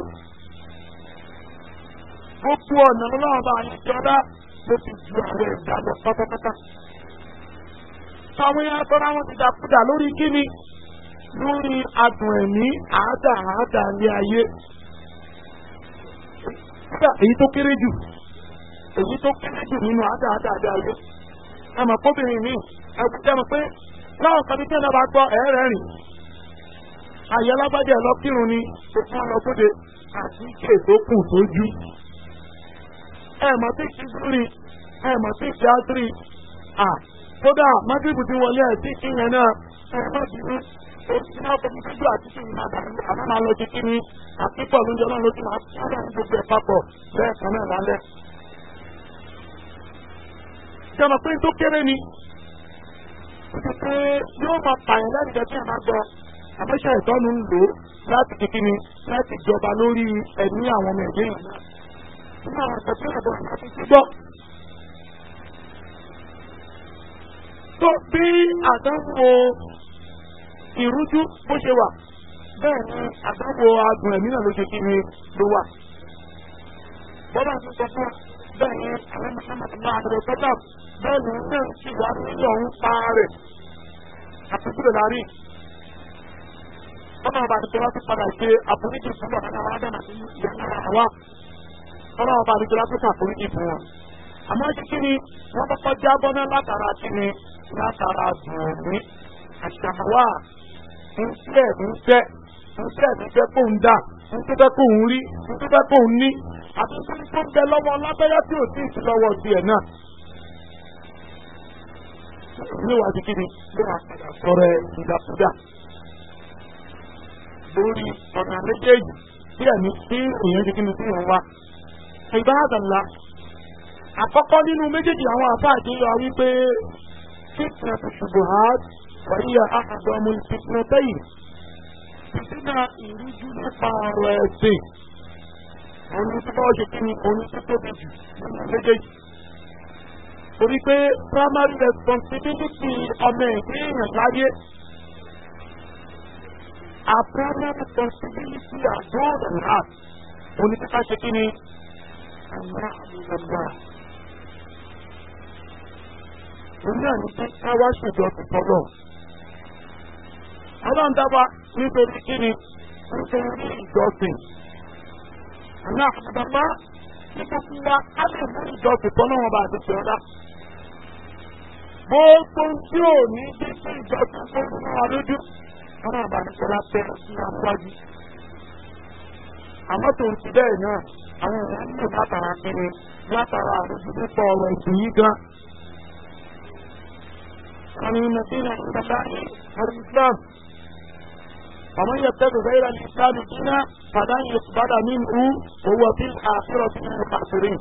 gbogbo ọ̀nà ọlọ́run bá ìjọba ló ti ju àwọn ẹ̀dá lọ pátápátá. táwọn yẹn tọ́ra wọn ti dàkúdà lórí kíni lórí adùn ẹ̀mí àádà àádà ní ayé. èyí tó kéré jù èyí tó kéré jù nínú àdáadáa ayé ẹ mọ̀ kóbìnrin mi ẹ mọ̀ pé láwọn kan tẹ́ náà bá gbọ́ ẹ̀ẹ́rẹ́ rìn àyè alábàjẹ́ ẹ̀ lọ kírun ni òkú ọlọ́gbọ́dẹ àti ike tó kù tó jú ẹ mọ̀ sí kìdúrì ẹ mọ̀ sí kíátírì à kódà mákìbù ti wọlé ẹ̀ sí ìyẹn náà ẹ má kìdú òsì náà kò ní kíjú àti kí ìyẹn àgbà nígbà máa lọ sí kíní àti pọ̀ lóúnjẹ náà lójú máa ń gbogbo ẹ̀ papọ̀ bẹ́ẹ̀ kan náà lálẹ́ ṣe mọ̀ pé tó kéré ni ó ti pé yóò máa pààyàn láti jẹ́ kí ẹ̀ máa gbọ́ àmọ́ṣe ìtọ́nu ń lò láti kíkí ni láti jọba lórí ẹ̀mí àwọn ọmọ ẹ̀gbẹ́ yìí nínú àwọn ọ̀sẹ̀ tó lọ́dọ̀ láti gbọ́. tó bí àdánwò ìrújú bó ṣe wà bẹ́ẹ̀ ni àdánwò adùn ẹ̀mí náà ló ṣe kí ni ló wà. bọ́lá ti sọ fún wa bẹ́ẹ̀ ni àwọn muhammed ní àdúrà tọ́jà bẹ́ẹ̀ ni ilé ìṣe wà nílò ń pa rẹ̀ àti kúrò láàrin. ọmọ ọba àti jọlá tó padà ṣe àforíjì fún bàbá náà wàá dànù sí ìyá náà wá. ọmọ ọba àti jọlá tó ṣàforíjì fún wọn. àmọ́ kíkí ni wọ́n kọ́kọ́ jábọ́ náà látara kíni látara bùnmi àṣàwà ń tẹ̀ ń tẹ̀ ń tẹ̀ ń tẹ̀ kó ń dà nítorí bẹ́ẹ̀ kò ń rí nítorí bẹ́ẹ̀ kò ń ní àtúntò tó ń bẹ lọ́wọ́ lábẹ́rẹ́ tí ò sí ìsìn lọ́wọ́ tiẹ̀ náà. ní wàá di kíni ló máa padà sọ̀rọ̀ ẹ ìdàkúdà lórí ọ̀nà méjèèjì tí ẹ̀mí tí èèyàn di kíni tí èèyàn wá. ìbá àkọ́kọ́ nínú méjèèjì àwọn àfa àjọyọ̀ wípé fitna ṣubuhat wàyíyà àkàtọ̀ ọmọ ìfipinatẹ́yìn ìdínà ìrújú nípa ọ̀rọ̀ ẹ̀sìn òun tó bá ṣe kí ni òun tó tóbi jù nínú méjèèjì. torí pé primary responsibility ọmọ ẹ̀gbẹ́ èèyàn láyé our primary responsibility as God and us òun tó bá ṣe kí ni àmà àmìlàmà. òun náà ní wá ṣèjọ tó tọ́lọ̀ ọlọ́run dábàá nítorí kí ni nítorí ìjọsìn àmì àfọ̀dàmá nípa tí wa á lè mú ìjọsìn tọ́ náà wọn bá àti ìjọba. gbogbo tí ò ní bí sí ìjọsìn tó ń mú wa lójú ọlọ́run bá nípa tẹ sí àwájú. àmọ́ tó ń ti bẹ́ẹ̀ náà àwọn èèyàn ń lò látara kiri látara àrùn nípa ọ̀rọ̀ ìsìn yìí gan. àwọn ènìyàn ti rìn àti bàbá yìí àrùn Islam. ومن يبتغي غير الإسلام دينا فلن يقبل منه وهو في الآخرة من الخاسرين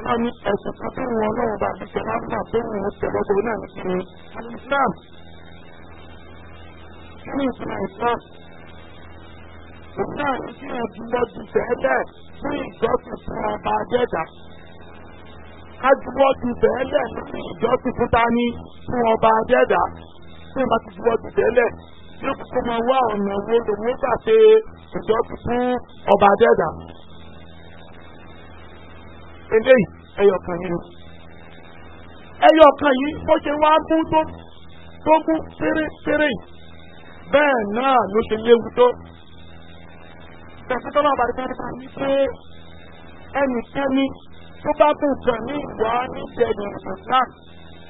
àwọn ní ẹ̀sìn kan tó wọn lọ́wọ́ bá ti tẹ̀lé àmà tó wọn ò tẹ̀lé ọdún náà ní ṣe alìsílám ní ìsinmi ìsìlám òun náà ní kí wọn dúró ju bẹ́ẹ̀lẹ̀ fún ìjọsìn fún ọba adẹ́dà ká dúró ju bẹ́ẹ̀lẹ̀ fún ìjọsìn fún tani fún ọba adẹ́dà tí wọ́n bá ti wọ́ọ̀dù tẹ́lẹ̀ tí kò máa wá ọ̀nà wo lòun gbà ṣe ìjọba fún ọba adẹ́dà. eléyìí ẹyọkan yìí ẹyọkan yìí bó ṣe wá mú tó tó mú pérépéré yìí bẹ́ẹ̀ náà ló ṣe léwu tó. tẹ̀sítọ́nà àbàdìbàdìbà ní pé ẹnikẹ́ni tó bá bùn kàn ní ìwà níjẹ̀yìn ìsìláàmù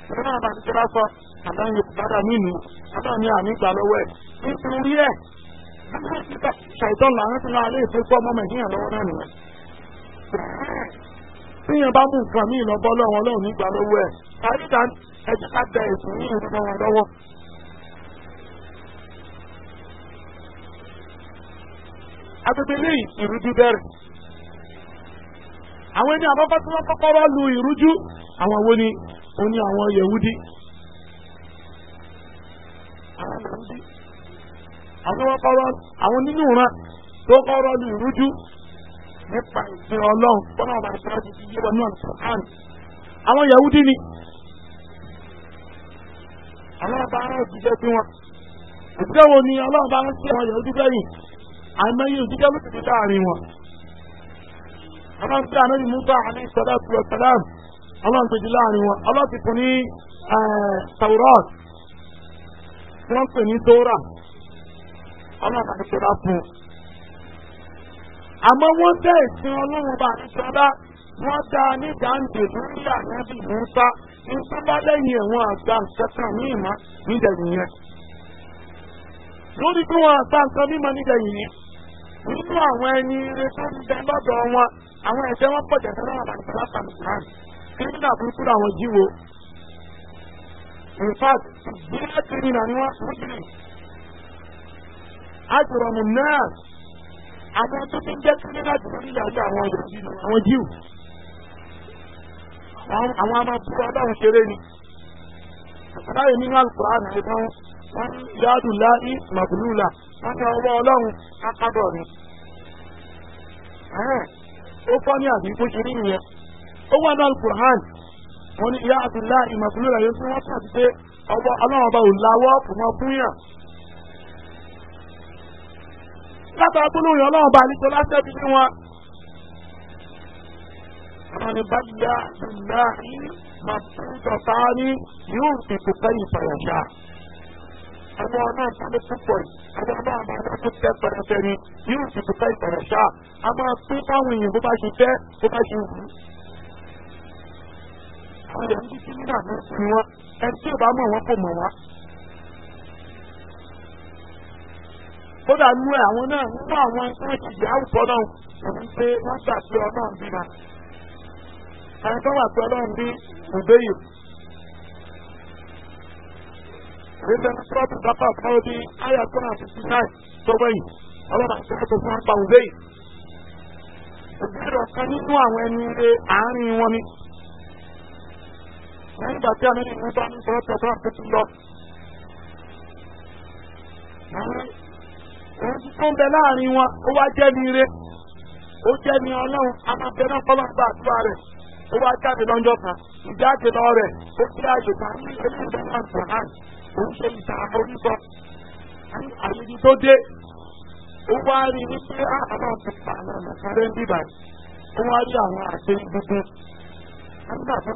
nínú àwọn àtijọ́ sọ àdáhùn yóò padà nínú àdáhùn ní àmì ìgbà lọ́wọ́ ẹ̀ nítorí ẹ̀ ṣàìtọ́ làwọn ti máa lé ìfowópamọ́ ọmọ ìdíyàn lọ́wọ́ náà nìyẹn. tíyẹn bá mú nǹkan míì lọ́bọ́ lọ́wọ́ lọ́wọ́ nígbà lọ́wọ́ ẹ̀ àríkà ẹ̀jẹ̀ ká bẹ ẹ̀sùn ní ìrìnnà wọn lọ́wọ́. agbègbè lẹ́yìn ìrújú bẹ̀rẹ̀ àwọn ẹni àkọ́kọ́ tí wọ́n kọ́kọ́ rọ́ lu ìrújú àwọn wo ni ó ní àwọn yẹ̀wúdí. àwọn nínú ìran tó kọ́ rọ́ lu ìrújú nípa ìpín ọlọ́run tọ́nà ọba ìṣẹ́ra ti yé wọn náà sọ̀kán. àwọn yẹ̀wúdí ni àwọn ọba ara ìjíṣẹ́ sí wọn. ìṣẹ́ wo ni ọlọ́run bá ń ṣe àwọn yẹ̀wúdí lẹ́yìn àìmọye ìjíṣẹ́ ló ti fi láàrin wọn àwọn tí ànábì Musa alayhi salatu wa salam ọlọ́run tó di láàrin wọn ọlọ́run ti fún ní Taurat tí wọ́n pè ní Tóra ọlọ́run àti Tóra fún un. àmọ́ wọ́n bẹ́ ìsìn ọlọ́run bá àti sọ́dá wọ́n dá a ní dáńdè lórí ànábì Musa ní tó bá lẹ́yìn ẹ̀wọ̀n àgbà ìṣẹ́kàn ní ìmọ̀ nídẹ̀yìn yẹn. lórí bí wọ́n àgbà nǹkan mímọ́ nídẹ̀yìn yẹn nínú àwọn ẹni retí ó ti jẹ lọ́dọ̀ wọn àwọn ẹ̀jẹ̀ wọn pọ̀ jẹ̀dẹ̀ náà láti láta nìkan kírímìnà burúkú làwọn jíwo in fact ìgbéra kírímìnà ni wọ́n fún jìnnì àjùrọ̀mù náà àwọn tó ti ń jẹ́ kírímìnà jùlọ ní ìyàwó àwọn ìròyìn àwọn jíù àwọn amabúrò ọlọ́run ṣeré ni àtàláyé nínú àlùkò àná ìbọn yáàdù láì màbúlùlà ọjọ́ ọwọ́ ọlọ́run akádọ̀ ni. ó fọ́ ní àbí bó ṣe rí ìyẹn ó wà náà Al-Qur'an wọn ni yáàdù láì màbúlùlà yẹn tí wọ́n tàbí pé ọwọ́ ọlọ́run ọba ò láwọ́ fún ọ fún yàn. látara tó lóyún ọlọ́run ọba àlejò lásẹ̀ bí wọn. àwọn ni bá yá ìlà yìí màbúlùlà yóò fi kò fẹ́ àwọn náà sáré púpọ̀ yìí àwọn náà máa náà tó tẹ́ pẹrẹsẹ ni yóò sì tún fẹ́ ìpẹ̀rẹ̀ṣà a máa pín fáwọn èèyàn bó bá ṣe fẹ́ bó bá ṣe wù. àwọn èèyàn ti ti nígbà mú sí wọn ẹni tí ò bá mọ̀ wọ́n kò mọ̀ wá. kódà nú ẹ àwọn náà nínú àwọn ẹgbẹ́ ìyá àwùjọ náà òun pé wọ́n gbà pé ọlọ́run bí ma. ẹni wà pé ọlọ́run bí òbẹ́yìí níbẹ̀ sọ́ọ̀tù dábàá fún ọ ní àyà tó náà fifty nine tó wẹ̀yìn ọlọ́run àti fún apá òun lẹ́yìn. ìbéèrè ọ̀kan nínú àwọn ẹni ilé àárín wọn ni. lẹ́yìn ìgbà tí àmì ìlú bá ní sọ́ọ̀tù ọ̀tọ́ àpótí lọ. òun ti tó ń bẹ láàrin wọn ó wá jẹ́ ní ire ó jẹ́ ní ọlọ́run amáfẹ́ náà kọ́ lọ́gbà àdúrà rẹ̀ ó wá jáde lọ́jọ́ kan ìjáde lọ rẹ̀ òun ṣe ìṣàkó nísọ àlejò tó dé ó wá rí i pé àwọn àtùpà àwọn àkàrẹ́ ń bíbà ó wá rí àwọn àṣẹ gbogbo nígbà tó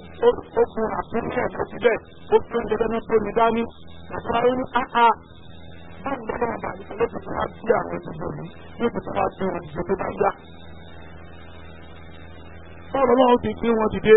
ó fún àpínlẹ̀ ẹ̀kọ́ síbẹ̀ ó fi oúnjẹ lẹ́nu tó ní dání àtàrà ní áhà báwo ni wọ́n bá ní ló ti sí àwọn ìdìbò yìí ló ti fún sí àwọn ìdìbò tó bá yá. báwo lọ́wọ́ ti gbé wọn dìde.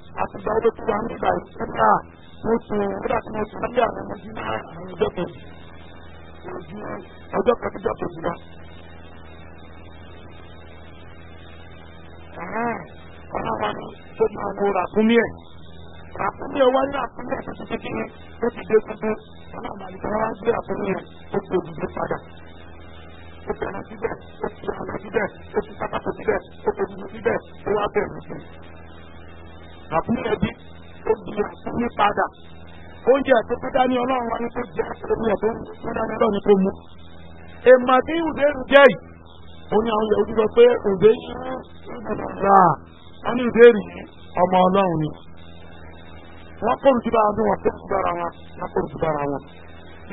àtìgbà ọdún tí wọ́n ń gbà ìṣẹ́gbà mo sùn nígbà tí mo sùn lọ́jà rẹ̀ mo jí ní àwọn ọjọ́ kejì ojú ọjọ́ kejì ọjọ́ kejì lọ. ọ̀nà wa ni tó máa wo ràkúnmí ẹ̀ ràkúnmí ẹ̀ wáyé ràkúnmí ẹ̀ tuntun kékeré ó ti dé tuntun ọ̀nà àmàlìkà wa gbé ràkúnmí ẹ̀ ó ti òdìdó padà ó ti síbẹ̀ ó ti ọ̀nà síbẹ̀ ó ti pátákó síbẹ̀ ó ti òdìdó síbẹ̀ ó wá bẹ̀rù sí àbúrò ẹbí ó di àkúrú padà oúnjẹ tó kú dání ọlọ́run wa ni kò jẹ́ omi ẹ̀ tó kú dání ọlọ́run ni kò mú. èèmọ̀ tí ìwúdé ń jẹ́ yìí ó ní àwọn yòówù sọ pé òde yìí rà wọ́n ní wọ́n kó ojú bára wọn kó ojú bára wọn wọ́n kó ojú bára wọn.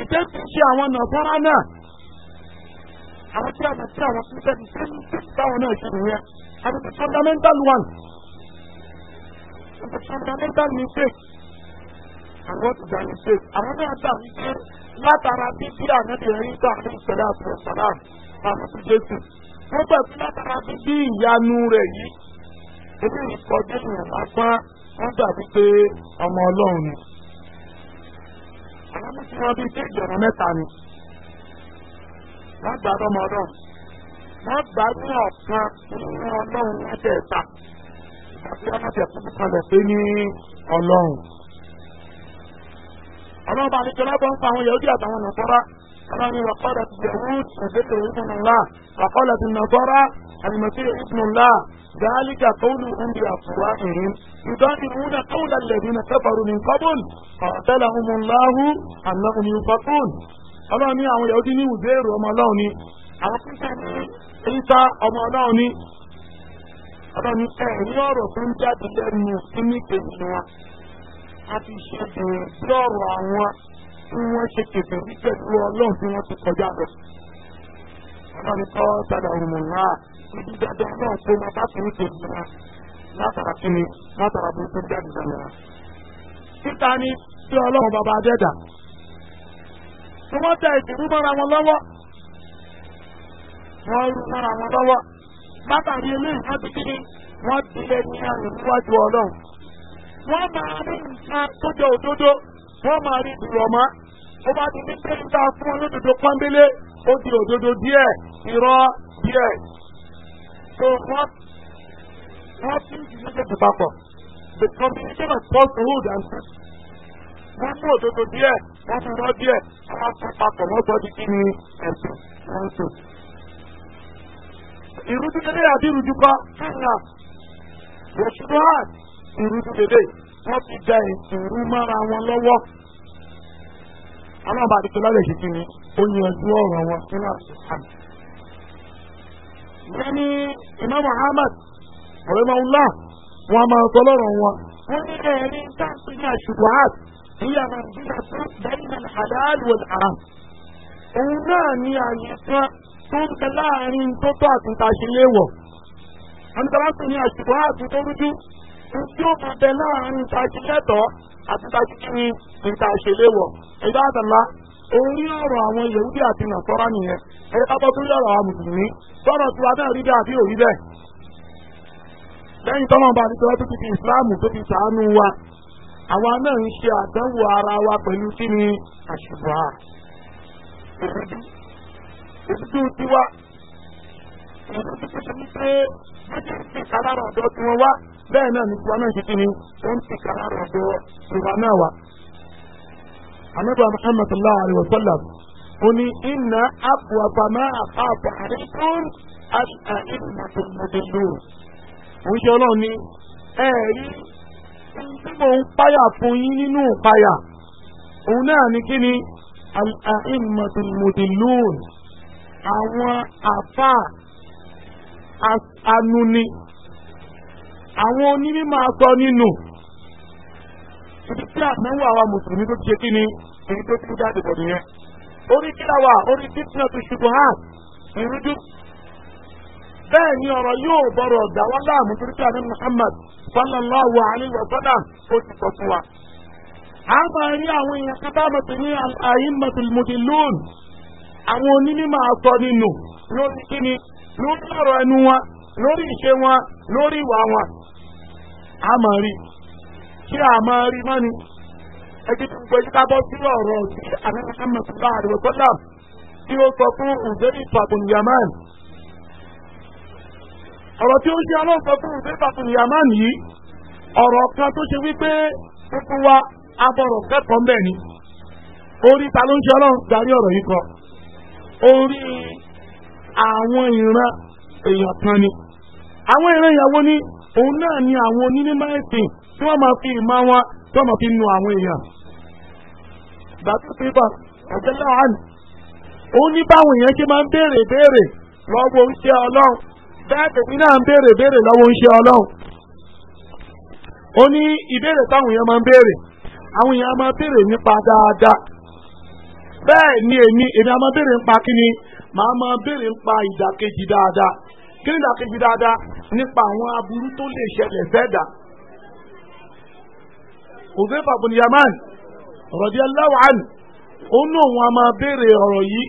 ìjẹ́ ti ṣe àwọn nàfọ́nrá náà àwọn tí a mọ̀ sí àwọn kúrẹ́sì tí táwọn náà ṣe nìyẹn àti fundamental one is a fundamental mistake. And what a mistake? Àwọn náà gbà wípé látara bí bí ànábì ẹ̀rí gbà ní ìṣẹ̀lẹ̀ àti ìṣẹ̀lẹ̀ àti ti Jésù. Wọ́n gbà pé látara bí bí ìyanu rẹ̀ yìí. Ebi ìkọjú ìrìn lásán wọ́n gbà wípé ọmọ Ọlọ́run ni. Àwọn mọ̀tí wọn bí kéèjì ọ̀nà mẹ́ta ni. Wọ́n gbà ọmọ Ọlọ́run. Wọ́n gbà ní ọ̀kan nínú Ọlọ́run mẹ́tẹ̀ẹ̀ta àti ọlọ́sẹ̀ tó ti kalẹ̀ pé ní ọlọ́run. ọlọ́run bá nìkan lábọ́ ń pa àwọn yahudi àtàwọn nàfọ́rá ọlọ́run wàkọ́dà ti yahud ẹ̀dẹ́kẹ̀ ìfúnnulá wàkọ́dà ti nàfọ́rá àlùmọ̀tì ìfúnnulá ذلك قولهم بأفواههم يدافعون قول الذين كفروا من قبل قاتلهم الله أنهم يفقون ní àwọn yahudi ní ìwùdó èrò ọmọ àwọn kíkà ní ìta ọmọ ọlọ́run ní ọlọ́ni ẹ̀yìn ọ̀rọ̀ tó ń jáde lẹ́nu oníkejì wọn a ti ṣe bẹ̀rẹ̀ sí ọ̀rọ̀ àwọn tí wọ́n ṣe kèfè rí pẹ̀lú ọlọ́run tí wọ́n ti kọjá lọ. ọlọ́ni kọ́ sádà òmùn náà ibi jáde náà tó máa bá tó ń kejì wọn látara kí látara bó tó jáde lọ títa ni tí ọlọ́run bàbá adẹ́dà tí wọ́n tẹ ìdìbò mọ́ra wọn lọ́wọ́ wọ́n rú mọ́ra wọn lọ́wọ́ látàrí eléyìí wọ́n ti kíni wọ́n ti lé ní àyè níwájú ọlọ́run. wọ́n máa rí nǹkan tó jẹ òdodo wọ́n máa rí ìrọ̀ mọ́. ó bá ti ní pé ń ta fún olódodo pọ́nbélé ó di òdodo díẹ̀ irọ́ díẹ̀. so wọ́n wọ́n fi ìṣẹ́jẹ́ ti papọ̀. the communication of falsehood and truth. wọ́n mú òdodo díẹ̀ wọ́n fi rọ́ díẹ̀ wọ́n fi papọ̀ wọ́n gbọ́ di kí ni ẹ̀sìn wọ́n sùn ìrújú lélẹ̀ àbí ìrújú kọ́ kàrà wòṣùwọ́n ìrújú lélẹ̀ wọ́n ti da ìrú mọ́ra wọn lọ́wọ́. àwọn àbàdì tó lálẹ́ ṣìkì ni ó yanjú ọ̀rọ̀ wọn nínú àṣìṣàn. wọ́n ní Imam Muhammad rahimahullah wọn máa sọ lọ́rọ̀ wọn. wọ́n ní ẹ̀rí táàpì ní àṣùwọ́n ìyá nàìjíríà tó bẹ́ẹ̀ ní ọ̀dà. òun náà ní àyè kan tó ń bẹ láàrin tó tó àtúntà ṣe léwọ̀ àmìtàláṣẹ ní àṣìkò àtúntò rújú tí ó máa bẹ láàrin tá a ṣe lẹ́tọ̀ọ́ àtúntà ṣe kí ni tá a ṣe léwọ̀ ẹ̀dá àtàlá orí ọ̀rọ̀ àwọn yahudi àti nàtọ́rà nìyẹn ẹ̀rọ kábọ́ tó yọ̀rọ̀ àwọn mùsùlùmí tọ́rọ̀ tí wa náà rí bẹ́ẹ̀ àbí òrí bẹ́ẹ̀. lẹ́yìn tọ́lọ́ bá nítorí tó ti fi ìsìláàmù tó ti sàánú wa àwa náà ń ṣe àdánwò ara wa pẹ̀lú kí ni àṣùbọ̀ òṣìṣẹ́ ojú wa òṣìṣẹ́ tó ṣe ń pé wọ́n ti ń fi kàlára ọ̀dọ́ tí wọ́n wá bẹ́ẹ̀ náà ní tiwa náà ṣe kí ni wọ́n ń fi kàlára ọ̀dọ́ tiwa náà wá. Ànábì Muhammad sallallahu alaihi wa ó ní inna abwaba ma àpapọ̀ àríkún àṣà ìrìnàjò mọ̀dẹ́lò. Òun ṣe ọlọ́run ní ẹ̀ẹ́rí tí mò ń páyà fún yín nínú ìpáyà. Òun náà ní kí ni al-a'immatul mudillun àwọn àfà anuni àwọn onímọ̀ asọ nínú ìdíkí àtúnwò àwa mùsùlùmí tó ti ṣe kí ni èyí tó ti jáde bọ̀ nìyẹn orí kíra wa orí fífúnà tó ṣubú hàn ìrújú bẹ́ẹ̀ ni ọ̀rọ̀ yóò bọ̀rọ̀ dà wá láàmú torí pé àdé Muhammad sallallahu alayhi wa sallam ó ti sọ fún wa. a máa rí àwọn èèyàn kábàámọ̀ tó ní àyíǹmọ̀tò mùdìlún àwọn onímọ̀ asọ nínú lórí kíni lórí ọ̀rọ̀ ẹnu wọn lórí ìṣe wọn lórí ìwà wọn a mọ̀ rí kí a mọ̀ rí mọ́ ni ẹjí tó gbé yíká bọ́ sí ọ̀rọ̀ sí àdáńtà mẹ́tìlá àdìbòsọ́là tí ó sọ fún ùdẹ́rì pàtùnìyàmán ọ̀rọ̀ tí ó ṣe fún pàtùnìyàmán yìí wa abọ̀rọ̀ kẹ́kọ̀ọ́ mbẹ́ ta ló ń ṣe ọlọ́run orí àwọn ìran èèyàn kan ni àwọn ìran ìyàwó ní òun náà ni àwọn onímọ̀ ẹ̀sìn tí wọ́n máa fi ìmọ̀ wọn tí wọ́n máa fi nu àwọn èèyàn. bàtà pépà ọ̀jẹ̀ láàánú òun ní báwọn èèyàn ṣe máa ń béèrè béèrè lọ́wọ́ oúnjẹ ọlọ́run bẹ́ẹ̀ náà ń béèrè béèrè lọ́wọ́ oúnjẹ ọlọ́run. ó ní ìbéèrè táwọn èèyàn máa ń béèrè àwọn èèyàn bẹ́ẹ̀ ni èmi èmi àmọ́ béèrè ń pa kíni màá máa béèrè ń pa ìdàkejì dáadáa kíni ìdàkejì dáadáa nípa àwọn aburú tó lè ṣẹlẹ̀ fẹ́ẹ̀dà. Huzaifa bin Yaman radiyallahu anhu ó ní òun a máa béèrè ọ̀rọ̀ yìí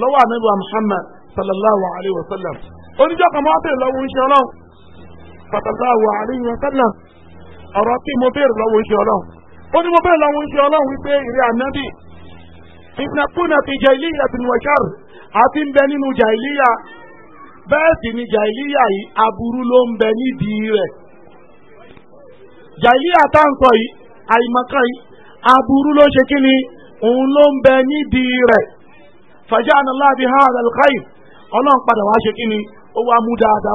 lọ́wọ́ ànábì Muhammad sallallahu alayhi wa sallam oníjọ́ kan máa béèrè lọ́wọ́ oúnjẹ ọlọ́run sallallahu alayhi wa sallam ọ̀rọ̀ tí mo béèrè lọ́wọ́ oúnjẹ ọlọ́run ó ní mo béèrè lọ́wọ́ oúnjẹ ọlọ́run wípé ìrẹ́ ànábì ìsìnkúnà fi jàìlíyà tún wọ ati àti ń bẹ nínú jàìlíyà ni jàìlíyà yìí aburú ló ń bẹ nídìí rẹ̀ jàìlíyà tá à ń sọ yìí ló se kini òun ló ń bẹ nídìí fàjà ànàlá ha àlàlùkáyì ọlọ́run padà wá ṣe ó wá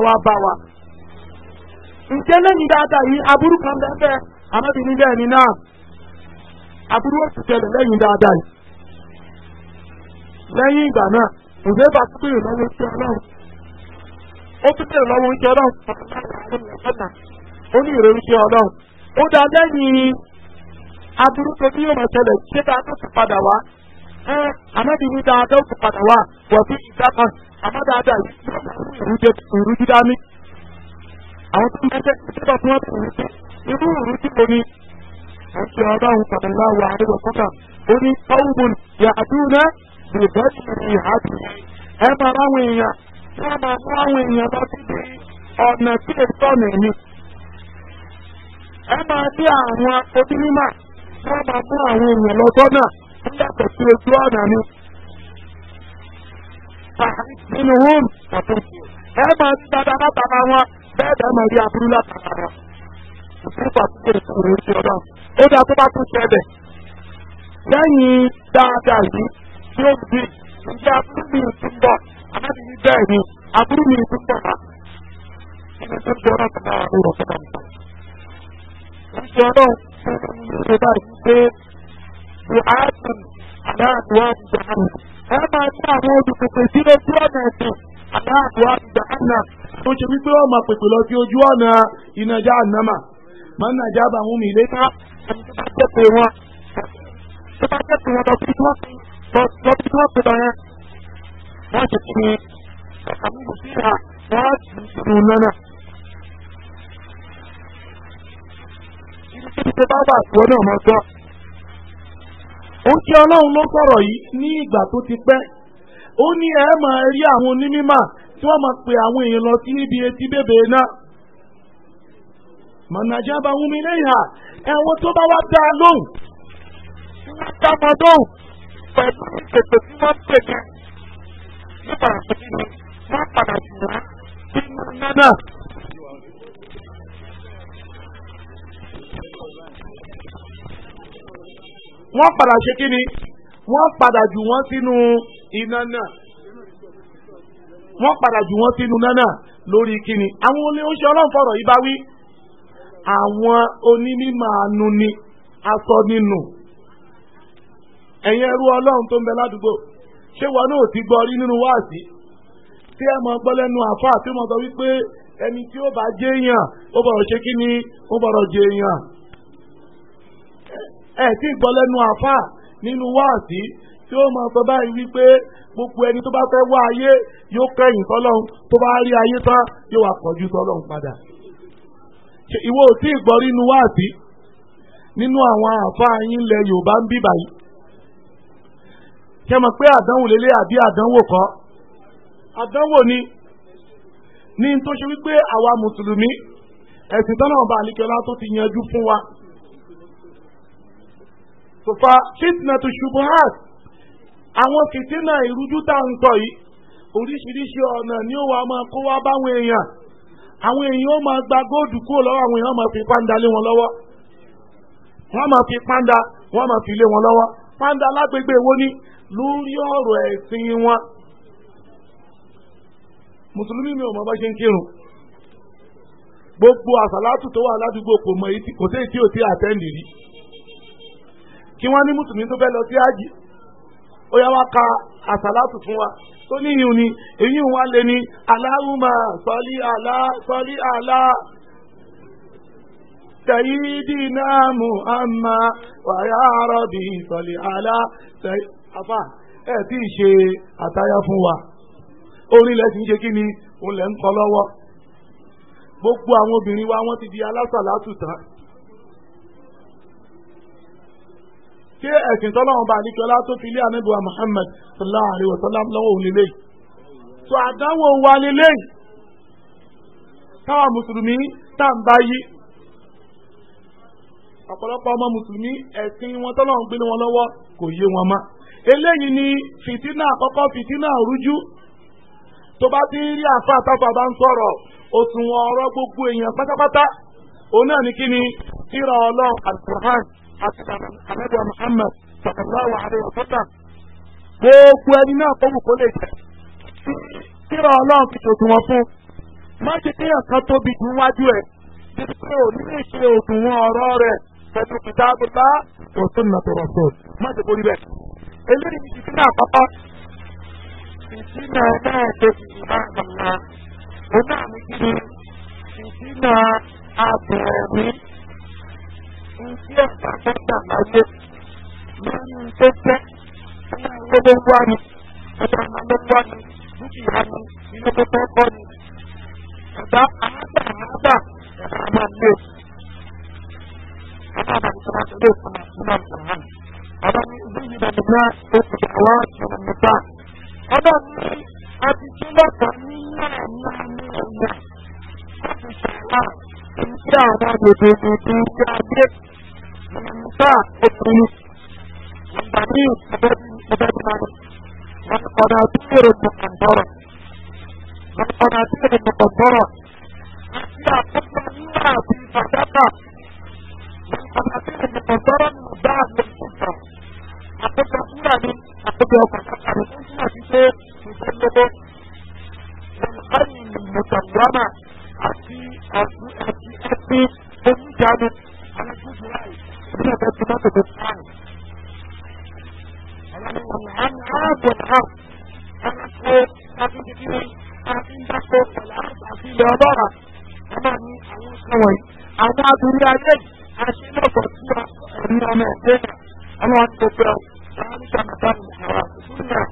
wá bá wa. kan bẹ́ẹ̀ bẹ́ẹ̀ àmọ́ ni naa aburu o ti tẹ̀lé lẹ́yìn ìgbà náà ǹjẹ́ bá tún bèrè lọ́wọ́ oúnjẹ ọlọ́run ó tún bèrè lọ́wọ́ oúnjẹ ọlọ́run ó ní ìròyìn oúnjẹ ọlọ́run ó dá lẹ́yìn aburú tó bí yóò máa ṣẹlẹ̀ ṣé dáa tó tún padà wá ẹ àmọ́dé ní dáa tó tún padà wá wọ̀ sí ìgbà kan àmọ́dé àdá ìrújú dání àwọn tó ń bẹ́sẹ̀ ìjọba tí wọ́n ti rú sí irú ìrújú kò ní ọ̀sẹ̀ ọlọ́run pàtàkì láwọ̀ àríwọ̀ kọ́kà ó ní tọ́wùbùn yà àdúrà ìbẹ́sìrì ìhádìí ẹ máa ráwọn èèyàn ẹ máa fún èèyàn lọ sí ọ̀nà tí èso ọ̀nà ẹ máa dé àwọn onímọ̀ tí máa fún àwọn èèyàn lọ sọ́nà tó yàtọ̀ sí ojú ọ̀nà nínú wọn pàtó ẹ máa ti dada látara wọn bẹ́ẹ̀ bẹ́ẹ̀ máa rí wọn. tí ó gbé ìjà aburú mi tún bọ̀ àbábí mi bẹ́ẹ̀ ni aburú mi tún bọ̀ wá. Ẹni tó ń jọrọ kan náà ó rọ̀ fún mi. Ń jọrọ fún mi ní ìgbà yìí pé Buhari aláàdúrà ń jẹ àrùn. Ẹ máa ní àwọn olùpèpè sí ojú ọ̀nà ẹ̀sìn aláàdúrà ń jẹ àrùn. Ó ṣe wípé wọ́n máa pèpè lọ sí ojú ọ̀nà ìnajà ànámà. Mọ́nà ìjábà mú mi lé ká. Ẹni tó bá jẹ́ pé wọ́n tó bá jẹ́ pé wọ́n lọ sí ojú ọ̀nà เราไปชอบกันนะว่าจะทีทำให้บุตรที่หักว่ามันดูนั่นน่ะที่จะบ้าบ้าตัวน่ะมาตัว ó ti eh, ọlọ́run ló sọ̀rọ̀ yìí ní ìgbà tó ti pẹ́ ó ní ẹ máa rí àwọn tí wọ́n máa pe àwọn èèyàn lọ sí ibi etí bèbè náà mọ̀nàjà bá wúmi lẹ́yìn à ẹ̀wọ̀n tó bá wá dá lóhùn wá dá mọ́ pẹ̀lú ètò tí wọ́n pè ní nípa àpèjì ni wọ́n padà sí wá nínú iná náà. wọ́n padà ṣe kí ni wọ́n padà jù wọ́n sínú iná náà wọ́n padà jù wọ́n sínú iná náà lórí kí ni àwọn oníṣẹ́ ọlọ́run fọ̀rọ̀ yìí bá wí àwọn onímọ̀ àánú ni aṣọ nínú. ẹ̀yin ẹrú ọlọ́run tó ń bẹ ládùúgbò ṣé wọn náà ti gbọ́ rí nínú wáàsí tí ẹ mọ gbọ́ lẹ́nu àfáà tí sọ wípé ẹni tí ó bá jẹ́ èèyàn ó bọ̀rọ̀ ṣe kí ni ó bọ̀rọ̀ jẹ́ èèyàn. ẹ gbọ́ lẹ́nu nínú wáàsí tí sọ báyìí wípé gbogbo ẹni tó bá fẹ́ wá ayé yóò kẹ́yìn tó bá rí ayé tán yóò wá kọjú padà. ìwọ ò tí ì gbọ́ rí wáàsí nínú àwọn kẹ mọ̀ pé àdánwò lélẹ̀ àbí àdánwò kọ́ àdánwò ni ní tó ṣe wípé àwa mùsùlùmí ẹ̀sìn tọ́nà ọba àlìkẹ́lá tó ti yanjú fún wa. Sòfà fitna tu ṣubuhat àwọn fìtínà ìrújú tá à ń tọ̀ yìí oríṣiríṣi ọ̀nà ni ó wà máa kó wá báwọn èèyàn àwọn èèyàn ó máa gba góòdù kúrò lọ́wọ́ àwọn èèyàn máa fi pàǹdà lé wọn lọ́wọ́ wọ́n máa fi pàǹdà wọ́n máa fi lé wọn lọ́wọ́ pàǹdà lágbègbè wo ni lórí ọ̀rọ̀ ẹ̀sìn wọn mùsùlùmí mi ò mọ bá ṣe ń kírun gbogbo àsàlátù tó wà ládùúgbò kò mọ èyí kò sí èyí tí ò ti àtẹ́ǹdì rí kí wọ́n ní mùsùlùmí tó fẹ́ lọ sí àjì ó yá wá ka àsàlátù fún wa tó ní ìhun ni èyí wà lé ní aláhùnmá sọlí àlá sọlí àlá sayyidina Muhammad wàyà rọ̀bì sọlí àlá sẹ́yìn. àfà ẹ tí ì ṣe àtayá fún wa orílẹ̀ ti ń ṣe kí ni òun lẹ̀ ń kọ́ lọ́wọ́ gbogbo àwọn obìnrin wa wọ́n ti di alásàlátù tán ṣé ẹ̀sìn tọ́lọ́run bá àdìkọ́lá tó fi ilé anábìwá Muhammad sallallahu alayhi wa sallam lọ́wọ́ òun lélẹ́yìí tó àdánwò wa lélẹ́yìí táwa mùsùlùmí tá à ń bá yí ọ̀pọ̀lọpọ̀ ọmọ mùsùlùmí ẹ̀sìn wọn tọ́lọ̀ ń gbélé wọn lọ́wọ́ kò yé wọn mọ́ eléyìí ni fìtínà àkọ́kọ́ fìtínà tó bá ti rí àfa àtàfà bá ń sọ̀rọ̀ ọ̀rọ̀ gbogbo èèyàn pátápátá òun náà ní ni àti ẹni náà wù kó lè jẹ fún má ṣe kéèyàn kan tóbi jù wájú ẹ̀ nítorí ọ̀rọ̀ pẹ̀lú kitabullah wa sunnati rasul má ṣe borí bẹ́ẹ̀. eléyìí ti fi náà kọ́kọ́ ìdínà náà tóbi ìmọ̀ àgbà ó náà ní kí ni ìdínà àbẹ̀rẹ̀ ìdí ọ̀pá tó gbà láyé lórí tó jẹ́ ní gbogbo wa ni ọjọ́ ọmọ gbogbo wa ni dúkìá ni inú gbogbo ọkọ ni ọ̀dọ́ àádọ́ àádọ́ ẹ̀ka máa ń lé. أنا أبو سبعة ليس من القرآن أبا زين للناس الدعوات من النساء أبا أبي كلا كمية من الله أبي سبعة إن شاء الله يدودو جابك من النساء الدعوات والبنين أبد مالك والقناطير المقنطرة والقناطير المقنطرة أشياء قبل منها في فتاة الحقيقة اللي مضطرة مدعى للسلطة القدرة الأولى دي القدرة والقدرة الأولى في شيء يسلمه للقيم المسلمة التي التي التي تم كانت على جزء رأي هي ترتيبات الإسلام يعني والعن عاد والعرض الأسوأ لكن كثير أعطين تحت والعرض أعطين بأدارة أمامي على الشوي أنا أدري عليك àti lọ́pọ̀ tí a ẹ̀mí ọmọ ẹ̀dẹ́ ọlọ́wọ́ tó pẹ́ ọ láàrín sàmàtà ní àwọn àkùnrin náà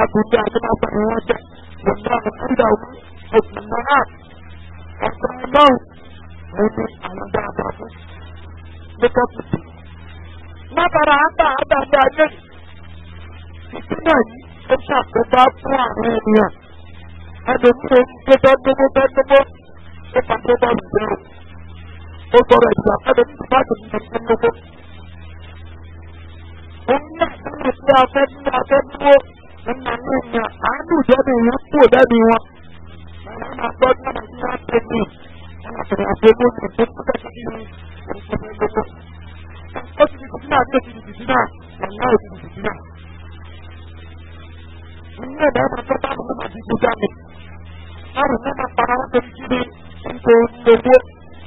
àkùnrin àjọpọ̀ ni wọ́n jẹ́ pẹ̀lú àwọn ẹ̀dá òkú òkú náà ọ̀sán ọlọ́run òun ni àwọn dáadáa fún lókọ́ kùtù. látara àgbà àgbàdo ayé ìpínlẹ̀ ó tọrọ ìgbà fẹ́lẹ́ ní báàgì ní ọdún lóko. Òun náà sọ̀rọ̀ pé afẹ́ bí afẹ́ dúró nínú ní ìyàn àánú ìjọba èèyàn kúrò dẹ́bi wọn. Àwọn ọmọ àgbọ̀ náà ní wọ́n ti ní àwọn àgbẹ̀wò ní ìdí púpọ̀ sí ní ìṣẹ̀lẹ̀ lóko. Ó ti di tìtìnà àti ó ti di tìtìnà ọ̀nà ó ti di tìtìnà. Ilé ìdá máa tọ́ báwo ló máa di gbogbo àmì. Báwo ló máa para wọn torí kí ni nítorí owó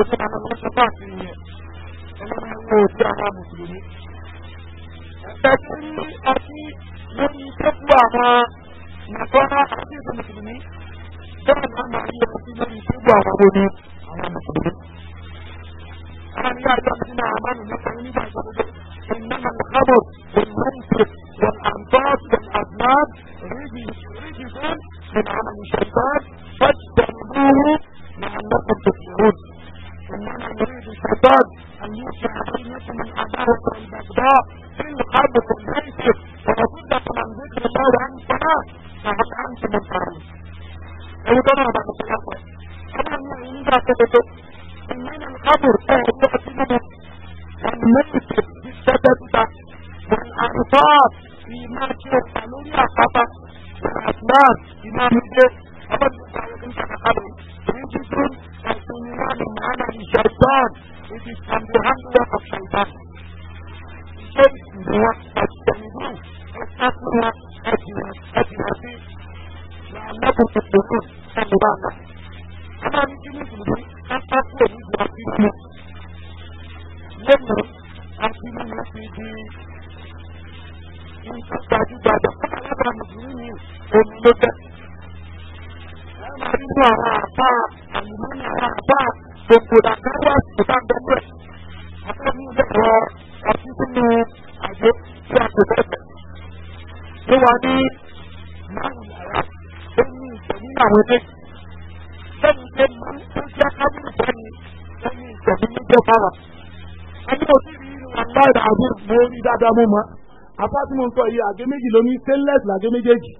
ẹ̀sùn àwọn ọmọ ọmọ káàkiri yẹn ẹlẹ́wọ̀n owó tí àwọn mùsùlùmí. ẹ̀sẹ̀ tí a ti lórí tẹ́kù àwọn nàkọ́rọ́ àti ìsìn mùsùlùmí bẹ́ẹ̀ náà máa yẹ kó sí lórí tẹ́kù àwọn ọmọdé àwọn mùsùlùmí. àwọn ilé àjọ àti náà àmọ́ nìyẹn kan nígbà ìgbàlódé إنما الخبر والمنطق والأنفاس والأذناب رجس من عمل الشيطان فاجتنبوه لأنكم تفلحون انما يريد الشيطان ان يوسع بينكم العداوه والبغضاء في في القلب كليته ويصدكم عن ذكر الله وعن الصلاه فهل انتم القائل اي طبعا بعد الاخوه طبعا يعني اذا كتبت ان القبر تعتقد والميت بالتتبع والاعصاب فيما تفعلون خطا والاطلال فيما يجب أبدا أنت تقبل ويجب أن تنوان shaitan. It is from the handwork of shaitan. Ṣé ìwọ àtẹnudù ẹ̀ka fún wa ẹ̀jìnà ẹ̀jìnà sí làlábò tuntun ẹ̀mí bá wà. Ẹ máa ní kí ní ìdùnnú ẹ̀ka fún èmi ìwọ àti ìwọ. Lẹ́nu àti nínú ti di nǹkan gbajúgbajà fún alábàá mùsùlùmí omi ló bẹ̀. Ẹ máa nínú àwọn àbá àlùmọ́nì àwọn àbá àti tòkòdà kan wà síta gbẹgbẹ àtàwọn ìjọba àti sínú àjọ tí a kò bẹ̀rẹ̀ tó wà ní márùn yàrá ó ní ìjọ nínú àwọn ilé lẹ́yìn tó máa ń tó jẹ́ kábíyì bẹ́ẹ̀ni ó ní ìjọ nínú ìjọba wa. ẹni ò sí rí wàhálà ìdàgbé mo rí dáadáa mo mọ apá tí mo ń sọ yìí àgé méjì ló ní stainless làgé méjèèjì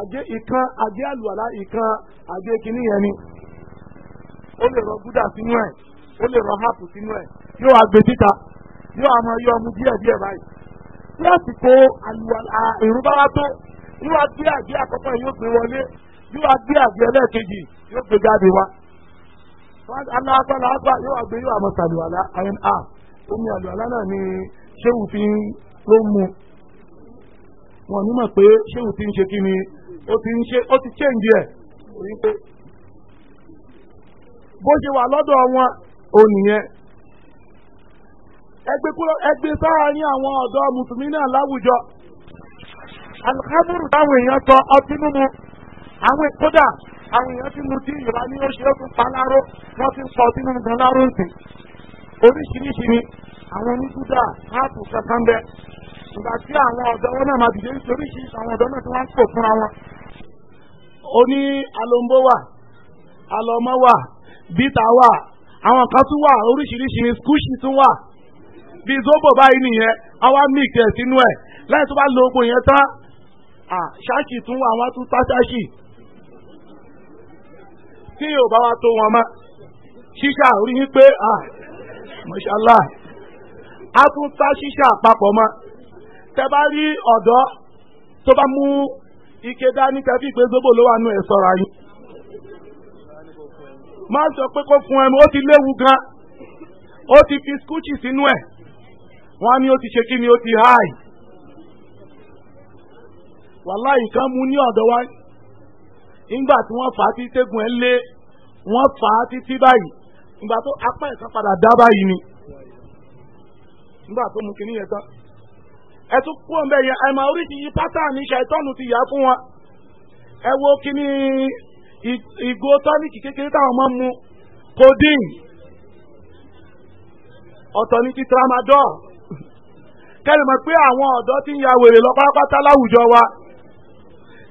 àgé ìkan àgé àlùwàlá ìkan àgé kìnìyẹn ni. ó lè rọ gúdà sínú ẹ̀ ó lè rọ hápù sínú ẹ̀ yóò wá gbé síta yóò àmọ́ yọ ọmú díẹ̀ díẹ̀ báyìí. láti kó àlùwàlà èrú bá wá tó yóò wá gbé àgbé àkọ́kọ́ yóò gbé wọlé yóò wá gbé àgbé ẹlẹ́ẹ̀kejì yóò gbé jáde wá. omi àlùwàlà náà ni ṣéwù fi ló mu wọn pé ṣéwù ti ń ṣe kí ni ó ti bó ṣe wà lọ́dọ̀ wọn ò nìyẹn. ẹgbẹ́ sáàárín àwọn ọ̀dọ́ mùsùlùmí náà láwùjọ. alikamuru táwọn èèyàn tọ ọtí mímu àwọn kódà àwọn èèyàn ti tí ní oṣù tó ti sọ ọtí mímu gan láró àwọn kankan bẹ ìgbà tí àwọn ọ̀dọ́ wọn náà máa dìde oríṣiríṣi àwọn ọ̀dọ́ náà bítà wà àwọn kan tún wà oríṣiríṣi skúṣì tún wà bí zobo báyìí nìyẹn àwa mix ẹ̀ sínú ẹ̀ lẹ́yìn tó bá lo oògùn yẹn tán ṣáàṣì tún wà wọ́n tún tá ṣáàṣì tí yóò bá wa tó wọn mọ́ ṣíṣà orí yín pé mọ̀ṣálá a tún tá ṣíṣà papọ̀ mọ́ tẹ bá rí ọ̀dọ́ tó bá mú ike dání kẹfí pé zobo ló wà nù ẹ̀ sọ̀rọ̀ ayé. Ma sọ pé kó fún ẹmu ó ti léwu gan ó ti fi skúchì sínú ẹ̀ wọ́n á ní ó ti ṣe kí ni ó ti háì wàláì kan mu ní ọ̀dọ̀ wa nígbà tí wọn fà á ti tẹ́gùn ẹ̀ lé wọ́n fà á ti báyìí ìgbà tó apá ẹ̀ka padà dá báyìí ni nígbà tó mu kinní yẹn tán ẹ tún kú ọ̀nbẹ yẹn ẹ̀ máa oríṣiríṣi pátá ní ṣàìtọ́nù ti yà fún wọn ẹ wo ìgò tọ́níkì kékeré táwọn máa ń mu codeine ọ̀tọ̀ ní ti tramadol kẹ́lẹ̀ mọ̀ pé àwọn ọ̀dọ́ ti ń ya wèrè lọ pátápátá láwùjọ wa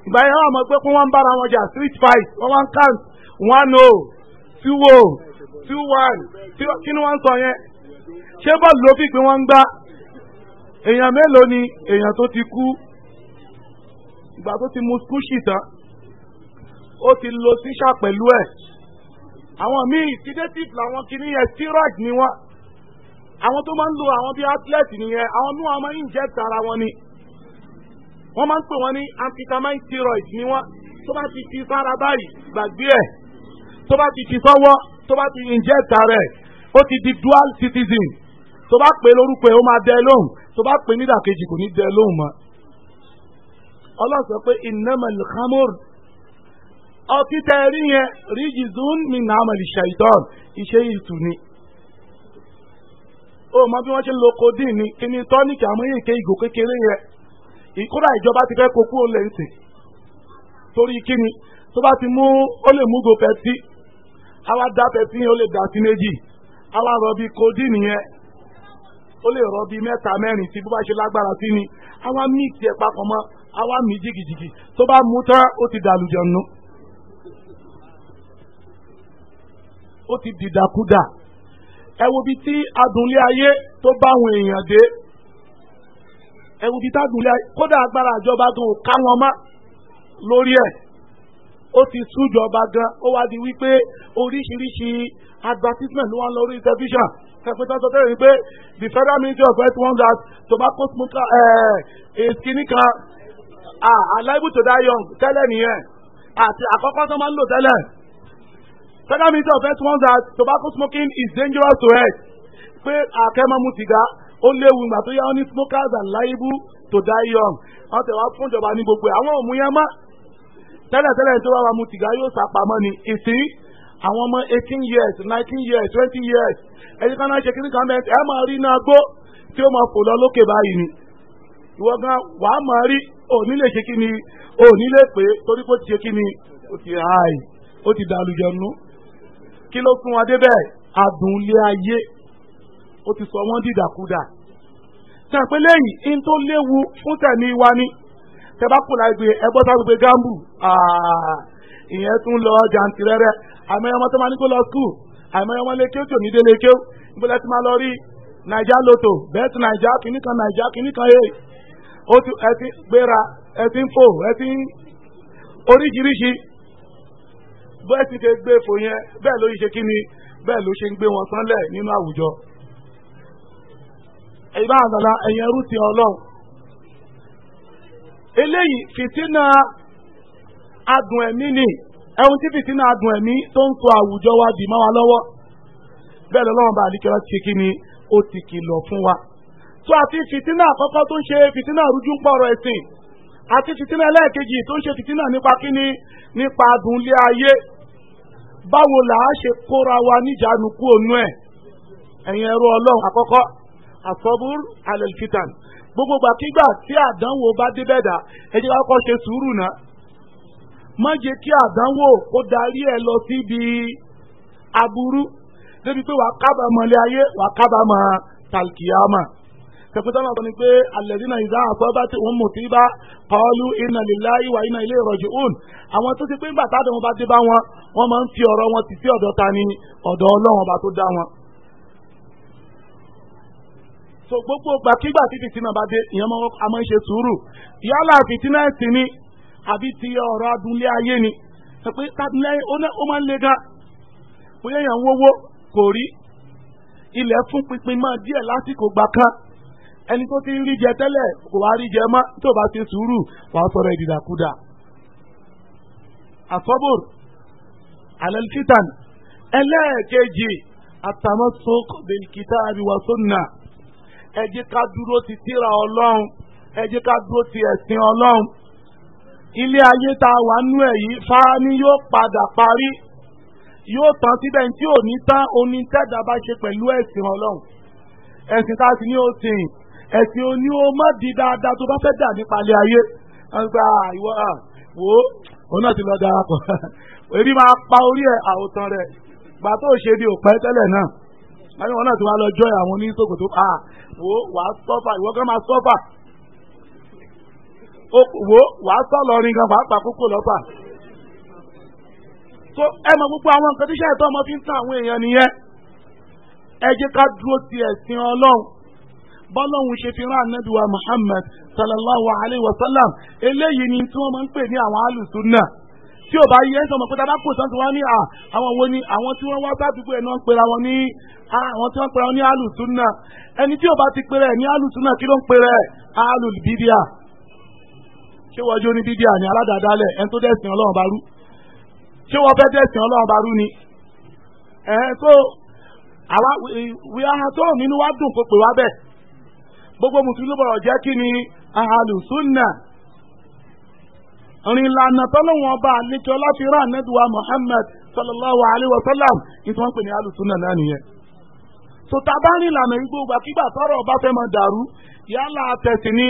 ìgbà yẹn wọ́n mọ̀ pé kí wọ́n ń bára wọn jà street fight wọ́n wá ń count one o oh, two o oh, two one kí ni wọ́n ń sọ yẹn ṣé bọ́ọ̀lù ló fi pé wọ́n ń gbá èèyàn mélòó ni èèyàn tó ti kú ìgbà tó ti mu skúṣì tán ó ti lo tíṣà pẹ̀lú ẹ̀ àwọn míì sedative làwọn kìíní yẹn steroid ni wọn àwọn tó máa ń lo àwọn bíi athlete nìyẹn àwọn mú àwọn máa ń jẹ́ tara wọn ni wọ́n máa ń pè wọ́n ní amphetamine steroid ni wọ́n tó bá ti ti sára báyìí gbàgbé ẹ̀ tó bá ti ti sọ́wọ́ tó bá ti ǹjẹ́ tara ẹ̀ ó ti di dual citizen tó bá pè lórúkọ ẹ̀ ó máa dẹ lóhùn tó bá pè nídàkejì kò ní dẹ lóhùn mọ́ ọlọ́sọ pé innamal khamur ọtí tẹ rí yẹn ríjì zun mi nà àmàlì ṣàìtàn iṣẹ́ ìtù ni. ó mọ bí wọ́n ṣe lo codeine ni kí ni tọ́níkì àmúyèké ìgò kékeré yẹn ìkúrà ìjọba ti fẹ́ kó kú olè ń sè torí kí ni tó bá ti mú ó lè mú go pẹtí àwa dá pẹtí yẹn ó lè dà sí méjì àwa rọbí codeine yẹn ó lè rọbí mẹ́ta mẹ́rin tí bó bá ṣe lágbára sí ni àwa mí tiẹ̀ papọ̀ mọ́ àwa mí jìgìjìgì tó bá mú tán ó ti dàlùjọ̀ nù. No? ó ti dìdàkudà ẹ wo bí tí adùnlé ayé tó bá àwọn èèyàn dé ẹ wo bí tádùnlé ayé kódà agbára àjọba gan ò ká wọn mọ́ lórí ẹ̀ ó ti sújọba gan ó wá di wípé oríṣiríṣi advertisement ló wà lórí tẹlifíṣàn kẹfìtà sọ tẹ́lẹ̀ wípé the federal ministry of health warned that tobacco smoker is kìíní kan ah alive to die young tẹ́lẹ̀ nìyẹn àti àkọ́kọ́ tó máa ń lò tẹ́lẹ̀. So that means the first one that tobacco smoking is dangerous to health. Pé àkẹ́mọ́ mu sìgá ó léwu ìgbà tó yá ó ní smokers are liable to die young. Wọ́n tẹ̀ wá fún ìjọba ní gbogbo ẹ̀. Àwọn ò mú yẹn mọ́. Tẹ́lẹ̀tẹ́lẹ̀ tó bá wa mu sìgá yóò sàpamọ́ ni. Ìsìn àwọn ọmọ eighteen years nineteen years twenty years ẹni kan náà ṣe kí ní kan bẹ́ẹ̀ ẹ máa rí iná gbó tí ó máa fò lọ lókè báyìí ni ìwọ gan wàá máa rí òní lè ṣe kí ni òní lè pé torí pé ó ti ṣe kí ni ó ti háì ó ti dàlùjọ nù kí ló sún wa débẹ̀ adùnlé ayé ó ti sọ wọ́n dìdàkudà tẹ̀pẹ́lẹ́ yìí ń tó léwu fún tẹ̀mí wa ni tẹ́bá kò láì gbé ẹgbọ́n tó gbé gámbù ìyẹn tún lọ jàǹtì rẹ́rẹ́ àmọ́ ọmọ tó máa ní kó lọ skul àmọ́ ọmọ lékeu tí òní délé kéu tí máa lọ rí naija lotto bẹ́ẹ̀tì naija kìíní kan naija kìíní kan yéé ó ti gbéra ẹ fò ẹ oríṣiríṣi bẹ́ẹ̀ sì ṣe gbé fò yẹn bẹ́ẹ̀ ló ṣe kí ni bẹ́ẹ̀ ló ṣe ń gbé wọn sánlẹ̀ nínú àwùjọ. ìbá àdàlà ẹ̀yìn ẹrú ti ọlọ́run. eléyìí fìtínà adùn ẹ̀mí ni ẹ̀hún tí fìtínà adùn ẹ̀mí tó ń sọ àwùjọ wa dì mọ́ wa lọ́wọ́. bẹ́ẹ̀ lọ́wọ́n bá àdìkẹ́ láti ṣe kí ni ó ti kìlọ̀ fún wa. tó àti fìtínà àkọ́kọ́ tó ń ṣe fìtínà rújú ń pọ̀rọ̀ ẹ̀sìn àti fìtínà ẹlẹ́ẹ̀kejì tó ń ṣe fìtínà nípa kíni nípa adùnlé ayé báwo là á ṣe kóra wa níjànú kú ònú ẹ̀ ẹ̀yin ẹrú ọlọ́run àkọ́kọ́ àsọ́bùr alẹ́lfitan gbogbo gbàkígbà tí àdánwò bá débẹ̀ dà ẹ jẹ́ ká kọ́ ṣe sùúrù náà má jẹ́ kí àdánwò kó darí ẹ lọ síbi aburú débi pé wàá kábàámọ̀ lé ayé wàá kábàámọ̀ tàlkìyàmà tẹ̀kútà náà sọ ni pé alladhina idha asabathum musiba qalu inna lillahi wa inna ilayhi raji'un àwọn tó ti pé ńgbà táwọn ọba dé bá wọn wọn máa ń fi ọ̀rọ̀ wọn ti sí ọ̀dọ̀ ta ni ọ̀dọ̀ ọlọ́run ọba tó dá wọn. so gbogbo gbàkígbà tí fìtínà bá dé ìyẹn máa ń ṣe sùúrù yálà fìtínà ẹ̀sìn ni àbí ti ọ̀rọ̀ adúlé ayé ni pé tàbílẹ̀ ó máa ń le gan bóyá èèyàn wówó kò rí ilẹ̀ fún pinpin máa díẹ̀ lásìkò gbà kan ẹni tó ti ń rí jẹ tẹ́lẹ̀ kò wá rí jẹ mọ́ tó bá ti sùúrù wàá sọ̀rọ̀ ìdìdàkudà. àsọ́bùr alẹ́lkitan ẹlẹ́ẹ̀kejì atamasuk bilkitabi wa sunna ẹ jẹ́ ká dúró ti tírà ọlọ́run ẹ jẹ́ ká dúró ti ẹ̀sìn ọlọ́run ilé ayé tá a wà nú ẹ̀ yìí fáání yóò padà parí yóò tán síbẹ̀ tí ò ní tán onítẹ̀dá bá ṣe pẹ̀lú ẹ̀sìn ọlọ́run ẹ̀sìn tá a ti ní ó sìn ẹ̀sìn o ní o má di dáadáa tó bá fẹ́ dà nípa ilé ayé wọ́n gba ìwọ wo òun náà ti lọ darapọ̀ èmi máa pa orí ẹ̀ àwòtán rẹ̀ gbà tó ṣe ni òpẹ́ tẹ́lẹ̀ náà láyé wọn náà ti wá lọ jọ́ àwọn oníṣòkò tó pa wo wàá sọ́fà ìwọ kan máa sọ́fà wo wàá sọ lọrin gan pàápàá kókó lọ́fà tó ẹ mọ gbogbo àwọn nǹkan tíṣà ìtọ́ ọmọ fi ń tan àwọn èèyàn nìyẹn ẹ jẹ́ ká dúró ti ẹ̀sìn ọlọ́run bọ́lọ́hun ṣe fi rán ànábì wa Muhammad sallallahu alayhi wa sallam eléyìí ni tí wọ́n máa ń pè ní àwọn alùsùnà tí ò bá yẹ sọmọ pé tàbá kò sọ́sọ́ wọn ní àwọn wo ni àwọn tí wọ́n wá sádùúgbò ẹ̀ náà ń pera wọn ní àwọn tí wọ́n pera wọn ní alùsùnà ẹni tí ò bá ti pera ẹ̀ ní alùsùnà kí ló ń pera ẹ̀ alùbídíà ṣé wọ́n jó ní bídíà ní aládàádálẹ̀ ẹni tó dẹ̀sìn ọlọ́run bá rú ṣé wọ́n fẹ́ dẹ̀sìn ọlọ́run bá rú ni ẹ̀ so àwa we are nínú wa dùn kó pè wá bẹ́ẹ̀ gbogbo mùsùlùmí bọ̀rọ̀ jẹ́ kí ni àhàlùsùnà ìrìnlànà tọ́lọ́wọ́n ọba àlejò láti rán anẹ́dùwà Muhammad sallallahu alayhi wa sallam ní tí wọ́n pè ní àhàlùsùnà náà nìyẹn. sọta bá rìn ìlànà igbó gbàkígbà tọrọ ọba fẹ́ máa dàrú yálà àtẹ̀sí ni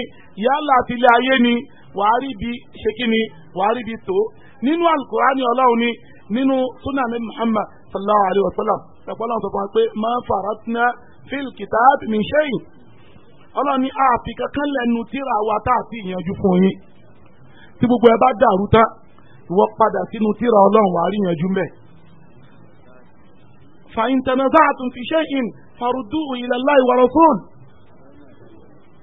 yálà àtìlẹ̀ ayé ni wàá rí bi ṣe kí ni wàá rí bi tó nínú alukurani ọlọ́run ni nínú sunan ní Muhammad sallallahu alayhi wa sallam ẹ̀pọ̀ láwọn sọ fún wa pé máa faratna fil kitab min shay'in ọlọ́run ní àfi kankan lẹ́nu tíra wa tá a ti yanjú fún yín tí gbogbo ẹ bá dàrú tán ìwọ padà sínú tíra ọlọ́run wàá rí yanjú mbẹ́. fa in tanaza'tum fi shay'in farudduhu ila Allahi wa rasul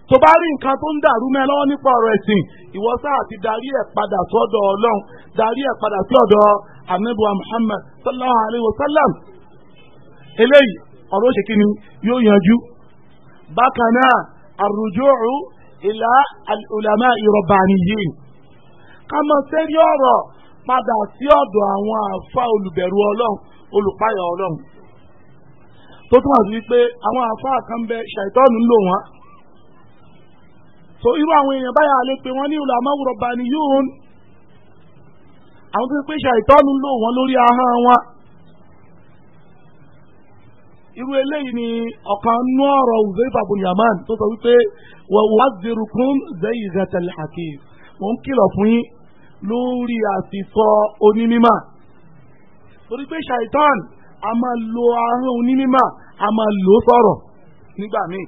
tó bá rí nǹkan tó ń dàrú mẹ́ lọ́wọ́ nípa ọ̀rọ̀ ẹ̀sìn ìwọ sáà ti darí ẹ̀ padà sọ́dọ̀ ọlọ́run darí ẹ̀ padà sọ́dọ̀ anabiwa Muhammad sallallahu alayhi wa sallam eléyìí ọ̀rọ̀ ṣe yóò yanjú bákan náà الرجوع إلى العلماء الربانيين كما سيريورو padà sí ọ̀dọ̀ àwọn àfa olùbẹ̀rù ọlọ́run olùpáyà ọlọ́run tó túmọ̀ àwọn kan bẹ irú àwọn èèyàn báyà lè ní ulama àwọn tó ń pè ṣàìtọ́nù ń lò wọn irú eléyìí ni ọ̀kan nú ọ̀rọ̀ Uzayfa bun Yaman tó sọ wípé wa uhadzirukum zayzatal hakim mò ń kìlọ̀ fún yín lórí àsìsọ onímímà torí pé ṣàìtàn a máa lo ahọ́n onímímà a máa lò ó sọ̀rọ̀ nígbà míì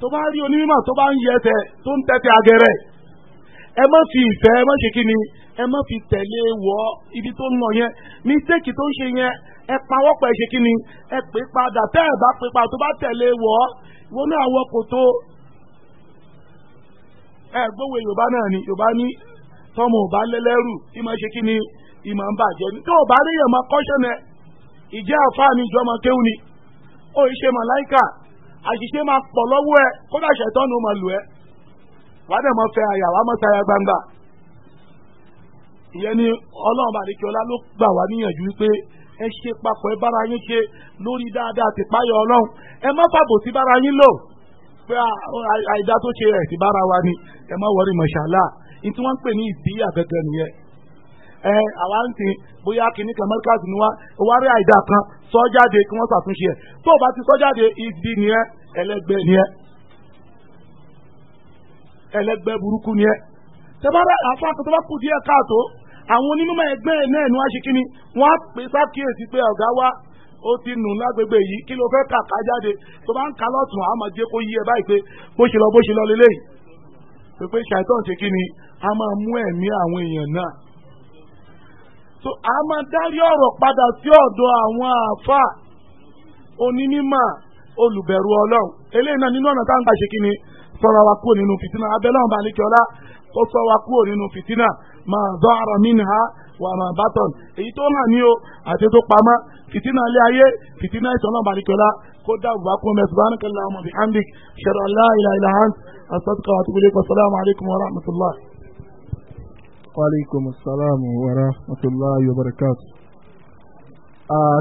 tó bá rí onímímà tó bá ń yẹsẹ̀ tó ń tẹ́tẹ́ agẹrẹ ẹ má fi ìfẹ́ ẹ má ṣe kí ni ẹ má fi tẹ̀lé wọ ibi tó ń lọ yẹn mistake tó ń ṣe yẹn ẹ pawọ́ pẹ̀ ṣe kí ni ẹ pè padà tẹ́ ẹ bá pè padà tó bá tẹ̀lé wọ wọnú àwọn kòtò ẹ gbówó yorùbá náà ni yorùbá ní tọmọ ò bá lẹ́lẹ́rù kí máa ṣe kí ni ìmọ̀ ń bàjẹ́ ní tó o bá léyàn máa kọ́ṣẹ́ mẹ́ ìjẹ́ àfáàní ìjọ ọmọ kéwù ni ó ṣe màláìkà àṣìṣe máa pọ̀ lọ́wọ́ ẹ kódà ṣẹ̀tọ́nù máa lù ẹ́ wàá dẹ̀ fẹ fẹ́ aya wàá sáyà gbangba ìyẹn ni ọlọ́run bá lọ ọlá ló gbà wá níyànjú wípé ẹ ṣe papọ̀ ẹ bára yín ṣe lórí dáadáa ti páyọ̀ ọlọ́run ẹ má fàbò sí bára yín lò pé àìdá tó ṣe wa ni ẹ má wọrí ní tí wọ́n ń pè ní ìdíyà nìyẹn ẹ àwa ń bóyá kan ni wá wá rí àìdá kan kí wọ́n ẹlẹgbẹ́ burúkú ni ẹ tẹ́bára àfa tó bá kù díẹ̀ káàtó àwọn onímọ̀ ẹgbẹ́ náà ni wọ́n ṣe kíni wọ́n á pè sákìyèsí pé ọ̀gá wa ó ti nù lágbègbè yìí kí ka lọ́tún àmọ́ jẹ́ kó yí ẹ báyìí pé bó ṣe lọ bó ṣe lọ lélẹ́yìí pé pé ṣàìtàn a máa mú ẹ̀mí àwọn èèyàn náà a máa dárí ọ̀rọ̀ padà sí ọ̀dọ̀ àwọn àáfà onímọ̀ olùbẹ̀rù ọlọ́run eléyìí náà nínú ọ̀nà táwọn gbà sọ̀rọ̀ wa kúrò nínú fìtínà abẹ́lẹ́ ọ̀bà àlekẹ́ọ́lá ó sọ wa kúrò nínú fìtínà ma dhara minha wa ma batan èyí tó hàn ní o àti tó pamọ́ fìtínà ilé ayé fìtínà ìtọ́nà ọ̀bà àlekẹ́ọ́lá kó dáàbò akó mẹ́ subhanaka allahumma bihamdik shadu an la ilaha illa ant astaghfiruka wa atubu ilayk assalamu alaykum wa rahmatullah. wa alaykum assalam wa rahmatullahi wa barakatuh. Ah,